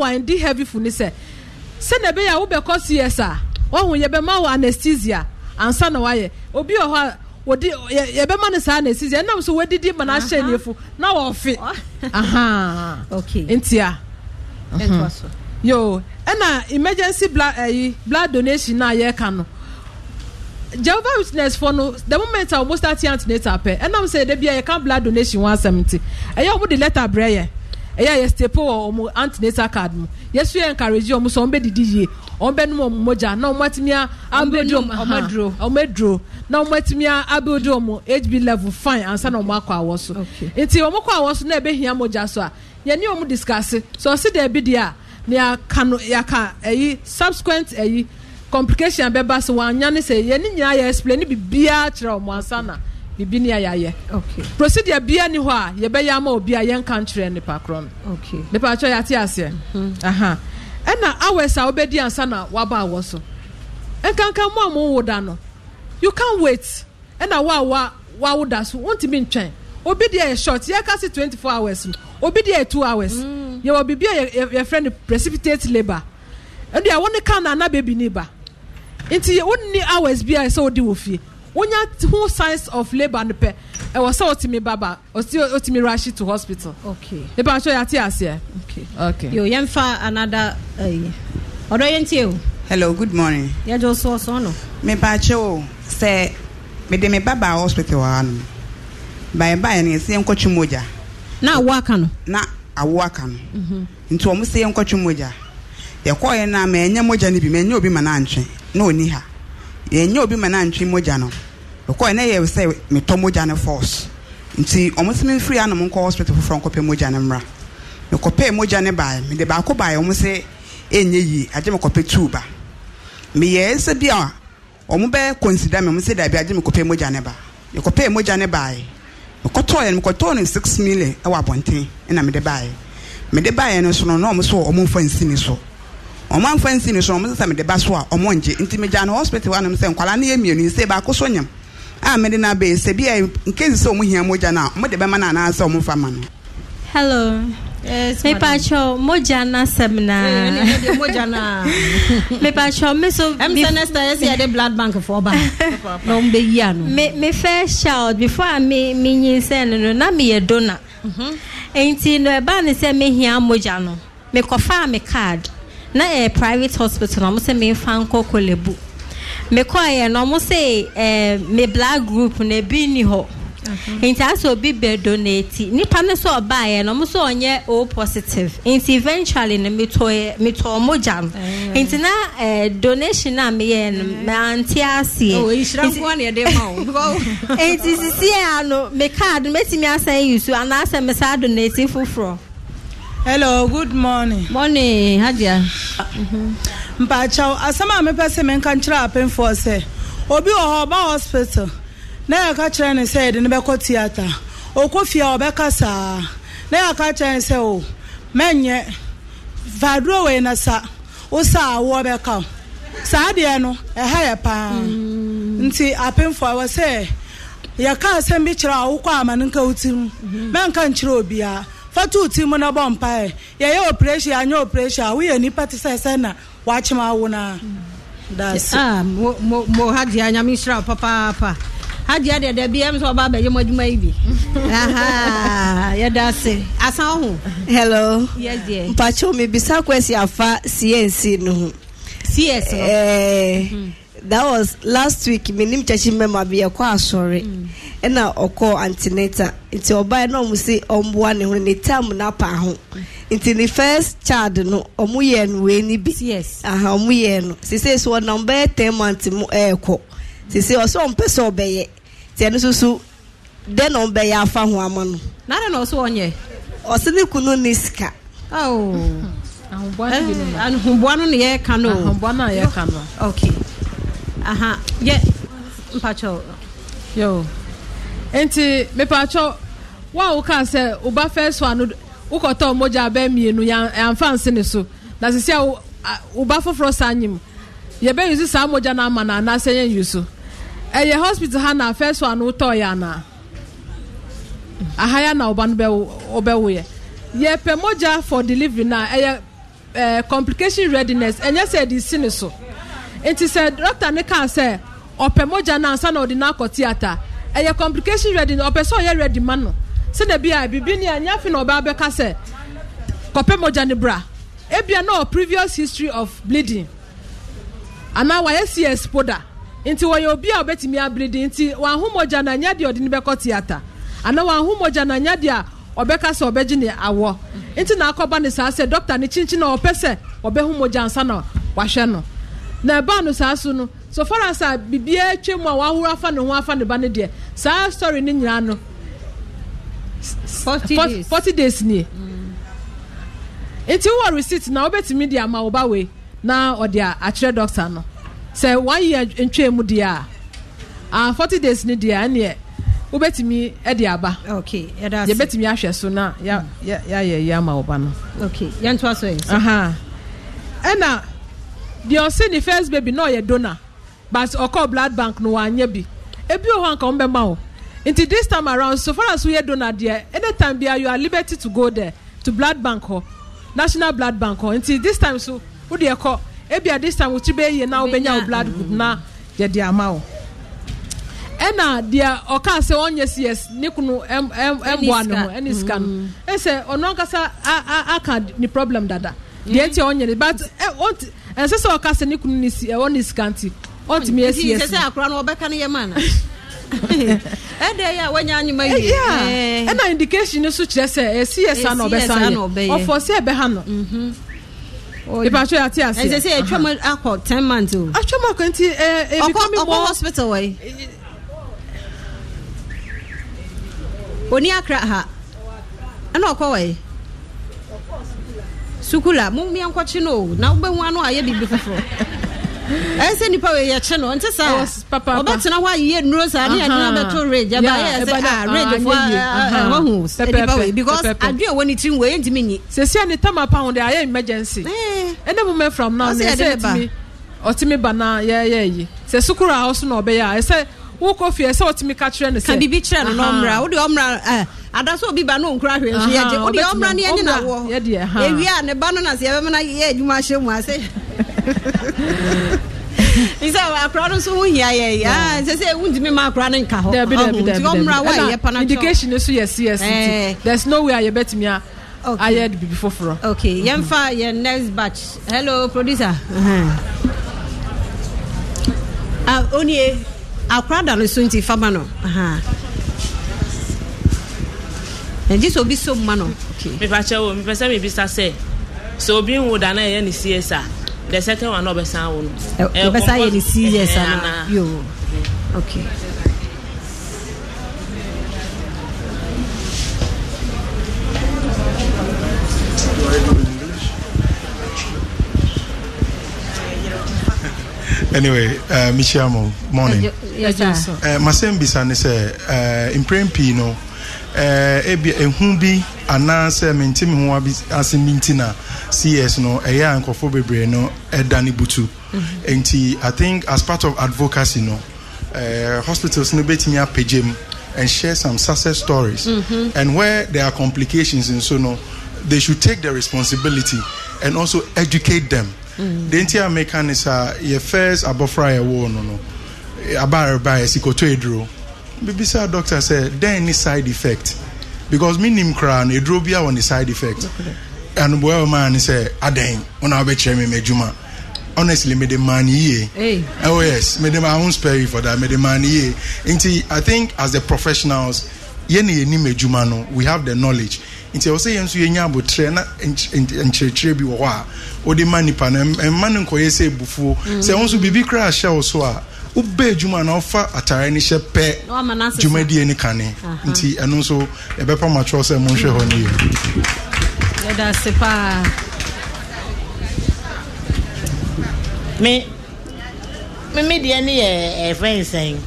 ɔhu yɛbɛma wɔ anesthesia ansa na wayɛ obi wɔ hɔ a wɔdi yɛbɛma no saa anesthesia ɛnam so wɔdidi ma n'ahyɛ n'efu na wɔɔfe ntia yoo ɛna emergency blood ɛyi eh, blood donation na ka no jehovah witness for no the moment a wɔn start antenatal pɛ ɛnam sɛ de bi a ka blood donation one asɛm ti ɛyɛ wɔn de letter brɛ yɛ. ɛyɛ a yɛstepo wɔ ɔmo antenatal card mu yɛso yɛ encourage ɔmo sɛ ɔmo bɛdidi yie ɔmo bɛnum ɔmo mogya na ɔmo atumi abuild ɔmo aduro ɔmo aduro na ɔmo atumi abuild ɔmo hb level fine ansa na ɔmo akɔ awɔ so nti ɔmo kɔ awɔ so na ɛbɛhia mogya so a yɛne ɔmo discuss so ɔsi dɛbi deɛ a ne yaka no yaka ɛyi subsequent ɛyi complication bɛba so wɔn anya ne sɛ yɛne nyinaa yɛ explain bibiara kyerɛ ɔmo ansa na. Mm biribi ne ayɛ ayɛ procedure bia ni hɔ a yɛbɛyɛ ama obi a yɛnka nkyerɛ nipa korɔ no mepatwɛ yɛate aseɛ mm-hmm. ɛna hours a wobɛdi ansa na waba awɔ so nkanka mu a mowo da no you can wait ɛna wo a wa wawo da so wontumi ntwɛn obi deɛ yɛ short yɛka se 24 hours no obi deɛ yɛ 2 hours mm. yɛwɔ biribi a yɛfrɛ no precipitate labour ɛnu yɛ wɔn ne kan na ana baby ni ba nti wɔn ni hours bi a yɛ sɛ wɔde wɔ fie wonya ho signs of labour no pɛ ɛwɔ sɛ ɔtumi baba ɔsi ɔtumi rashi to hospital. okay nipa nso yate aseɛ. okay okay yo yɛn fa anada ɛyi ɔdɔ yɛn tie o. hello good morning. yɛjɔ so ɔsɔn no. mipa akyi o sɛ mede mi baba hospital wa no baayi baayi no yɛsi yɛn nkɔtwi mogya. na awo aka no. na awo aka mhm. no. nti wɔn si yɛn nkɔtwi mogya yɛkɔɔ yɛn na mɛ ɛnyɛ mogya no bi mɛ ɛnyɛ obi ma nantwi na oni ha. yɛnyɛ obi ma no antwe mogya no ɔkɔɛ na yɛ sɛ metɔ mogya no force nti ɔmo tumi firi anom nkɔ hospital foforɔ nkɔpɛ mogya no mmra mekɔpɛɛ mogya no baeɛ mede baako baeɛ ɔmo sɛ ɛnyɛ yie agye mekɔpɛ tuu ba meyɛɛ sɛ bi a ɔmo bɛ consider me ɔmo sɛ daabi agye mekɔpɛ mogya no ba mekɔpɛɛ mogya no baeɛ mekɔtɔɔ yɛ no mekɔtɔɔ no six million ɛwɔ abɔnten ɛna mede baeɛ mede baeɛ no so no na ɔmo so ɔmo mfa so ɔmanfa nsi ne so ɔmo sɛ de ba so a ɔmo ngye nti megya no hospital wa nom sɛ nkwalaa ne yɛ mmienu nse baako so nyam a mede na abɛɛ sɛ nke nkesi sɛ ɔmo hia mogya no a ɔmo de bɛma no anaasɛ ɔmo fa ma no hello eh, mepatwɛ eh, mogya no asɛm naa mepatwɛ me so mefɛ child before a menyinsɛn no no na meyɛ dona ɛnti mhm. no ɛbaa ne sɛ mehia mogya no mekɔfaa me card na ɛyɛ eh, private hospital na ɔmo sɛ memfa nkɔ kolebu mekɔɔyɛ no ɔmo sɛ ɛɛ me eh, eh, black group na ebi nni hɔ mhm. nti asɛ obi bɛ donate nipa no sɛ ɔbaayɛ no ɔmo sɛ ɔnyɛ o positive nti eventually no metɔɔ metɔɔ mogya no nti na ɛɛ donation a meyɛ no mante aseɛ oh, nti sisi a no me card no mɛtumi asan yi so anaasɛ me saa donate foforɔ. hello good morning morning hadia mpakyɛw asɛm a mepɛ sɛ menka nkyerɛ apemfoɔ sɛ obi wɔ hɔ ɔba hospital na yɛka kyerɛ ne sɛ yɛde ne bɛkɔ theatre ɔkɔ fie a ɔbɛka saa na yɛka kyerɛ ne sɛ o mɛnyɛ faduro wei na sa wo sa awoɔ bɛka saa deɛ no ɛha yɛ paa mm. nti apemfoɔ ɛwɔ sɛ yɛka asɛm bi kyerɛ a wokɔ ama no nka wo tirim mɛnka mm-hmm. nkyerɛ obiara fatu ti mu na bɔ mpae yɛyɛ operation anyɛ operation a woyɛ nipa te sɛ sɛ na wakyem awo no a ah, mo hadeɛ nyame nhyira wo papaapa hadeɛ deɛ da biam sɛ ɔba bɛyɛ m adwuma yi bi yɛda ase asa wo ho hello mpakyɛw mebisa afa cnc no cs no eh, mm. that was last week me nim church member bi ɛkɔ asɔre ɛna ɔkɔ antinata nti ɔbaa na ɔmo si ɔmboa ne ho ne tam na pa ho nti ne first child no ɔmo yɛ no wei ni bi aha ɔmo yɛ no sise so ɔnam bɛyɛ ten months mu ɛɛkɔ sise ɔsɛ ɔmpɛ sɛ ɔbɛyɛ tiɛ no soso den na ɔbɛyɛ afa ho ama no. nane na ɔsɛ ɔnyɛ. ɔsɛ ne kunu ne sika. Oh. ahoboa no yɛ kano. ahoboa no eh, yɛ aha yɛ mpakyɛw yo nti mepakyɛw wo a wokaa sɛ woba first one no wokɔtɔ mogya abɛ mmienu yɛamfa nse ne so na sisi a woba foforɔ saa nyim yɛbɛyi so saa mogya no ama no anaasɛ yɛnyi e so ɛyɛ hospital ha na first one wotɔɔyɛ anaa aha ya na woba no wobɛwoyɛ yɛpɛ mogya for delivery no a ɛyɛ e eh, complication readiness ɛnyɛ e sɛ ɛde si ne so nti sɛ dɔkta ne kaa sɛ ɔpɛ mogya ansa na ɔde theatre ɛyɛ complication ready no ɔpɛ sɛ ɔyɛ ready ma no bi a ni a nyɛ na ɔbaa bɛka sɛ kɔpɛ mogya bra ebia previous history of bleeding anaa wɔayɛ cs poda nti wɔyɛ obi a ɔbɛtumi ableeding nti wɔn ahomogya na nya deɛ ɔde bɛkɔ theatre wɔn ahomogya na nya deɛ ɔbɛka sɛ ɔbɛgye ne awɔ nti na akɔba ne saa sɛ ne na ɔpɛ sɛ na ɛbaa no saa so no so far as a bibia atwa mu a wahoro afa ne ho afa ne ba ne deɛ saa story no nyinaa no forty days nie nti wowɔ receipt na wobɛtumi de ama wo ba wei na ɔde akyerɛ doctor no sɛ one year ntwa mu deɛ a ah forty days ni deɛ ɛneɛ wobɛtumi ɛde aba Okay. yɛbɛtumi ahwɛ so na yɛayɛ yɛ ama wo ba no ɛna. Okay. deɛ ɔsi ne first baby na ɔyɛ donor but ɔkɔ blood bank no wanyɛ bi ebi wɔ hɔ anka wɔn bɛ ma o nti this time around so far as woyɛ donor deɛ anytime bia you are liberty to go there to blood bank hɔ national blood bank hɔ nti this time so wo deɛ kɔ ebia this time wo ti bɛ yie na wo bɛ nya wo blood group na mm. yɛ de ama o ɛna deɛ ɔka sɛ ɔnyɛ cs ne kunu ɛmboa ne ho ɛne sika no mm. ɛsɛ ɔno ankasa aka ne problem dada deɛ mm. nti ɔnyɛ ne but ɛ ɔnti. ɛnsɛ sɛ ɔka sɛ ne kunu ne si ɛwɔ ne sika nti ɔtumi esi esi. nti sɛ akora no ɔbɛka ne yɛ na. ɛdɛ yɛ a wɔnyɛ anyuma yi. ɛyà ɛna indication nso kyerɛ sɛ esi yɛ saa na ɔbɛsa yɛ ɔfɔ sɛ ɛbɛha no. ìpàtó yà ti àṣẹ. ɛsɛ sɛ atwam akɔ ten months o. atwam akɔ nti ɛ ebi kọ́ hospital wɔ yi. oni akra ha ɛna ɔkɔ wɔ yi. sukula mummi ankɔkye no na wobɛhu ano ayɛ biribi foforɔ ɛyɛ sɛ nipa wei yɛkye no nte saa ɔbɛtena hɔ ayeyɛ nnuro saa ne yɛdena bɛto rage abayɛyɛ sɛ ragefoɔ nipa wei because adwe a wɔ ne tirim wɔ yɛntimi nyi sesia ne tama pa de ayɛ emergency ɛne eh. momɛ from now ne ɛsɛ ɛtumi ɔtumi ba na yɛyɛ yi sɛ sukuru a ɔso na ɔbɛyɛ a ɛsɛ wokɔ fie ɛsɛ ɔtumi ka kyerɛ no sɛ ka biribi kyerɛ no na ɔmmra wode ɔmmra eh, adasa obi ba no nkura hwɛ nso yɛgye wode ɔmmra no yɛne nawoɔ ɛwie a ne ba no na sɛ yɛbɛma no yɛ adwuma ahyɛ mu ase sɛ akora no nso ho hia yɛ sɛ sɛ wontumi ma akora no nka hɔnti ɔmmra wo a yɛpa no education so yɛ cs nti there's no way a yɛbɛtumi a ayɛ de biribi foforɔ okay yɛmfa yɛ next batch hello producer Uh-huh. onie akora da no so nti fama no ɛgye sɛ obi so mma no mepakyɛ wo mepɛ sɛ mebisa sɛ sɛ obi nwo da na ɛyɛ ne sie sa the second one na ɔbɛsan wo no ɛbɛsa yɛ ne sie yɛ sa na anyway uh, mehyia morning uh, masɛm bisa ne sɛ uh, no Eh, ebi ehu bi anaasɛ ase na cs no ɛyɛ bebree no ɛda ne butu mhm. nti i think as part of advocacy no eh, hospitals no bɛtumi apagya mu and share some success stories mhm. and where there are complications and so no they should take the responsibility and also educate them mm. the entire mechanism uh, yɛ first abɔfra yɛwɔ no no abareba yɛ sikɔtɔ eduro bibisa doctor say there any side effect because me nim koraa no eduro bi a wɔ side effect and well oh man ni sɛ adan ɔna abɛkyerɛ me ma honestly me the man ye hey. oh yes me the man i spare you for that me the man yie nti i think as the professionals yɛn na ni adwuma no we have the knowledge nti ɛwɔ sɛ yɛn nso yɛnya abotire na nkyerɛkyerɛ bi wɔ hɔ a wɔde ma nipa no ɛma no nkɔyɛ sɛ ebufuo sɛ wɔn so a. wobɛ adwuma na wofa atare no hyɛ pɛ dwumadie no kane nti ɛno nso yɛbɛpa matwerɛ sɛ monhwɛ hɔ no yɛ me deɛ ne yɛ ɛfɛn eh, sɛn eh,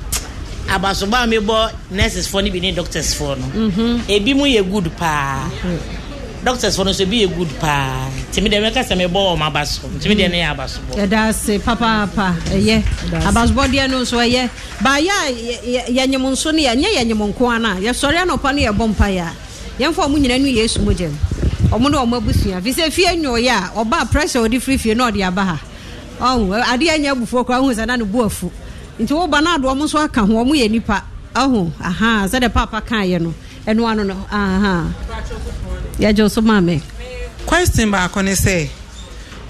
abasoba a mebɔ nurses foɔ no bi ne doctors foɔ no mhm. ebi mu yɛ good paa mhm doctors fɔ no so ebi yɛ good paa tèmi dɛ mɛka sɛ mɛbɔ wɔn abaso tèmi dɛ ne yɛ abasobɔ. ɛda ase papaapa ɛyɛ abasobɔdeɛ no nso ɛyɛ baayɛ a yɛnyim nso no yɛ nyɛ yɛnyim nko ana yɛsɔre anɔpa no yɛbɔ mpa yɛ a yɛmfa ɔmo nyinaa no yɛ esu mo gyɛm ɔmo ne ɔmo abusua fi sɛ fie nyɔɔ yɛ a ɔbaa pressure ɔde firi fie na ɔde aba ha ɔho adeɛ nyɛ abufuo koraa ɔho sɛ na ne bu afu nti wɔba no ado ɔmo nso aka ho ɔmo yɛ nipa ɔho aha sɛdeɛ paapa kaa yɛ no ɛno ano no aha yɛgye so ma question baako ne sɛ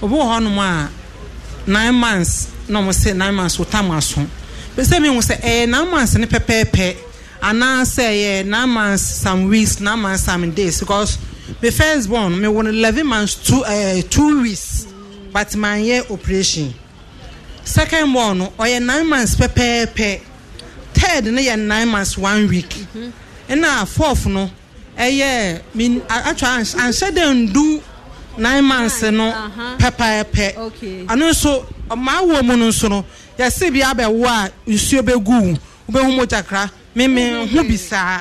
obi wɔ hɔnom a nine months na ɔmo sɛ nine months wò tam aso bɛsɛ mi hu sɛ ɛyɛ nine months ne pɛpɛɛpɛ anaasɛ ɛyɛ nine months some weeks nine months some days because my first born me won eleven months two uh, two weeks but ma n yɛ operation second born no ɔyɛ nine months pɛpɛɛpɛ third no yɛ nine months one week mhm. ɛna fourth no ɛyɛ eh, min atwa anhyɛ dɛ ndu nine months no pɛpɛɛpɛ ano nso ɔmaa wɔ mu no nso no yɛsi bi abɛwo a nsuo bɛgu wobɛhu mu gyakra mímí hu bi saa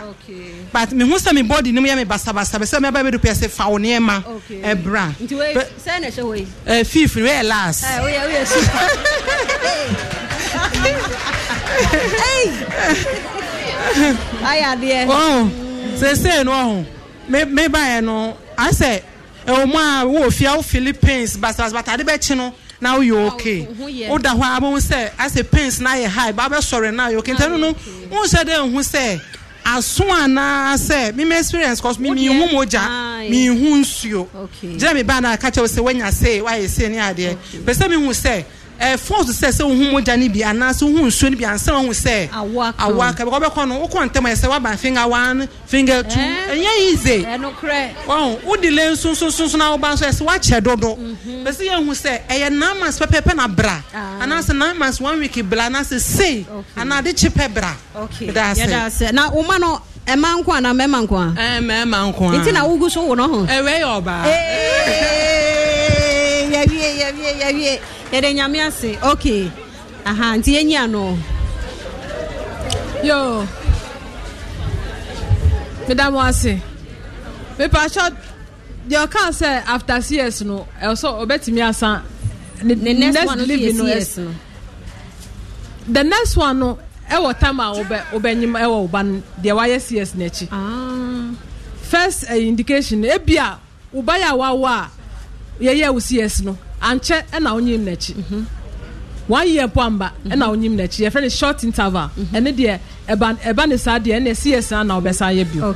but mi hu sɛ mi bɔɔdi nimu yɛ mi basabasa bɛ sɛ mi abɛ bi do pɛ sɛ fa o nneɛma ɛbra eh, nti wo sɛ na ɛhyɛ wo yi. ɛɛ fiifiri wo yɛ laas. ɛɛ o ayi adeɛ sese no ɔho me baɛ no asɛ ɛwɔ mu a wɔ fia wo philippines basabasabata ade bɛkyi no na woyɛ ah, okay woda hɔ a bɛhu sɛ asɛ pains na ayɛ high ba bɛsɔre na ayɛ okay ntɛno ah, no wohu sɛ dɛ nhu sɛ aso anaa sɛ meme experience cause memehu mogya ah, mehu nsuo gyina me ba na aka kyɛw sɛ woanya see woayɛ see ne adeɛ pɛ sɛ mehu sɛ ẹ eh, fọwọsì sẹ sẹ ohun mogya ni bi anaasẹ ohun nsuo ni bi ansan ohun sẹ awo aka bẹkọ bẹkọ no wọkọ ntẹm ẹsẹ waba finger one finger two ẹnyẹ eh? eh, easy ọhún wọdi lé nsonsonson náà ọba nso ẹsẹ wakyẹ dodo bẹsẹ yẹn hu sẹ ẹyẹ nine months pẹpẹpẹ na bra ah. anaasẹ nine months one week bra anaasẹ sei anaade kyi pẹ bra yadaase na ọma no ẹ máa ń kó àná mẹ́ẹ̀mà ń kó à. ẹ mẹ́ẹ̀mà ń kó à. ntí na wúgú sún wò náà hàn. ẹ̀rẹ́ yọ̀ ọ̀bà. yẹ̀wíyẹ̀ yẹ̀wíyẹ̀ yẹ̀wíyẹ̀. yɛde nyame ase ok aha nti yɛnyia no yo meda mo ase mepaakyɛ deɛ ɔkaa sɛ after cs no ɛwɔ sɛ ɔbɛtumi asa next living no the next one no ɛwɔ time a wɔbɛ wɔbɛnyim ɛwɔ wo no deɛ wayɛ cs n'akyi ah. first eh, indication ebi a wo ba yɛ awawa a yɛyɛ wo cs no. ankyɛ ɛna e onyim n'akyi one year po amba ɛna e onyim n'akyi yɛfrɛ no short interval ɛne deɛ ɛba ɛba ne saa deɛ ɛna ɛsi yɛ na ɔbɛsa yɛ bio.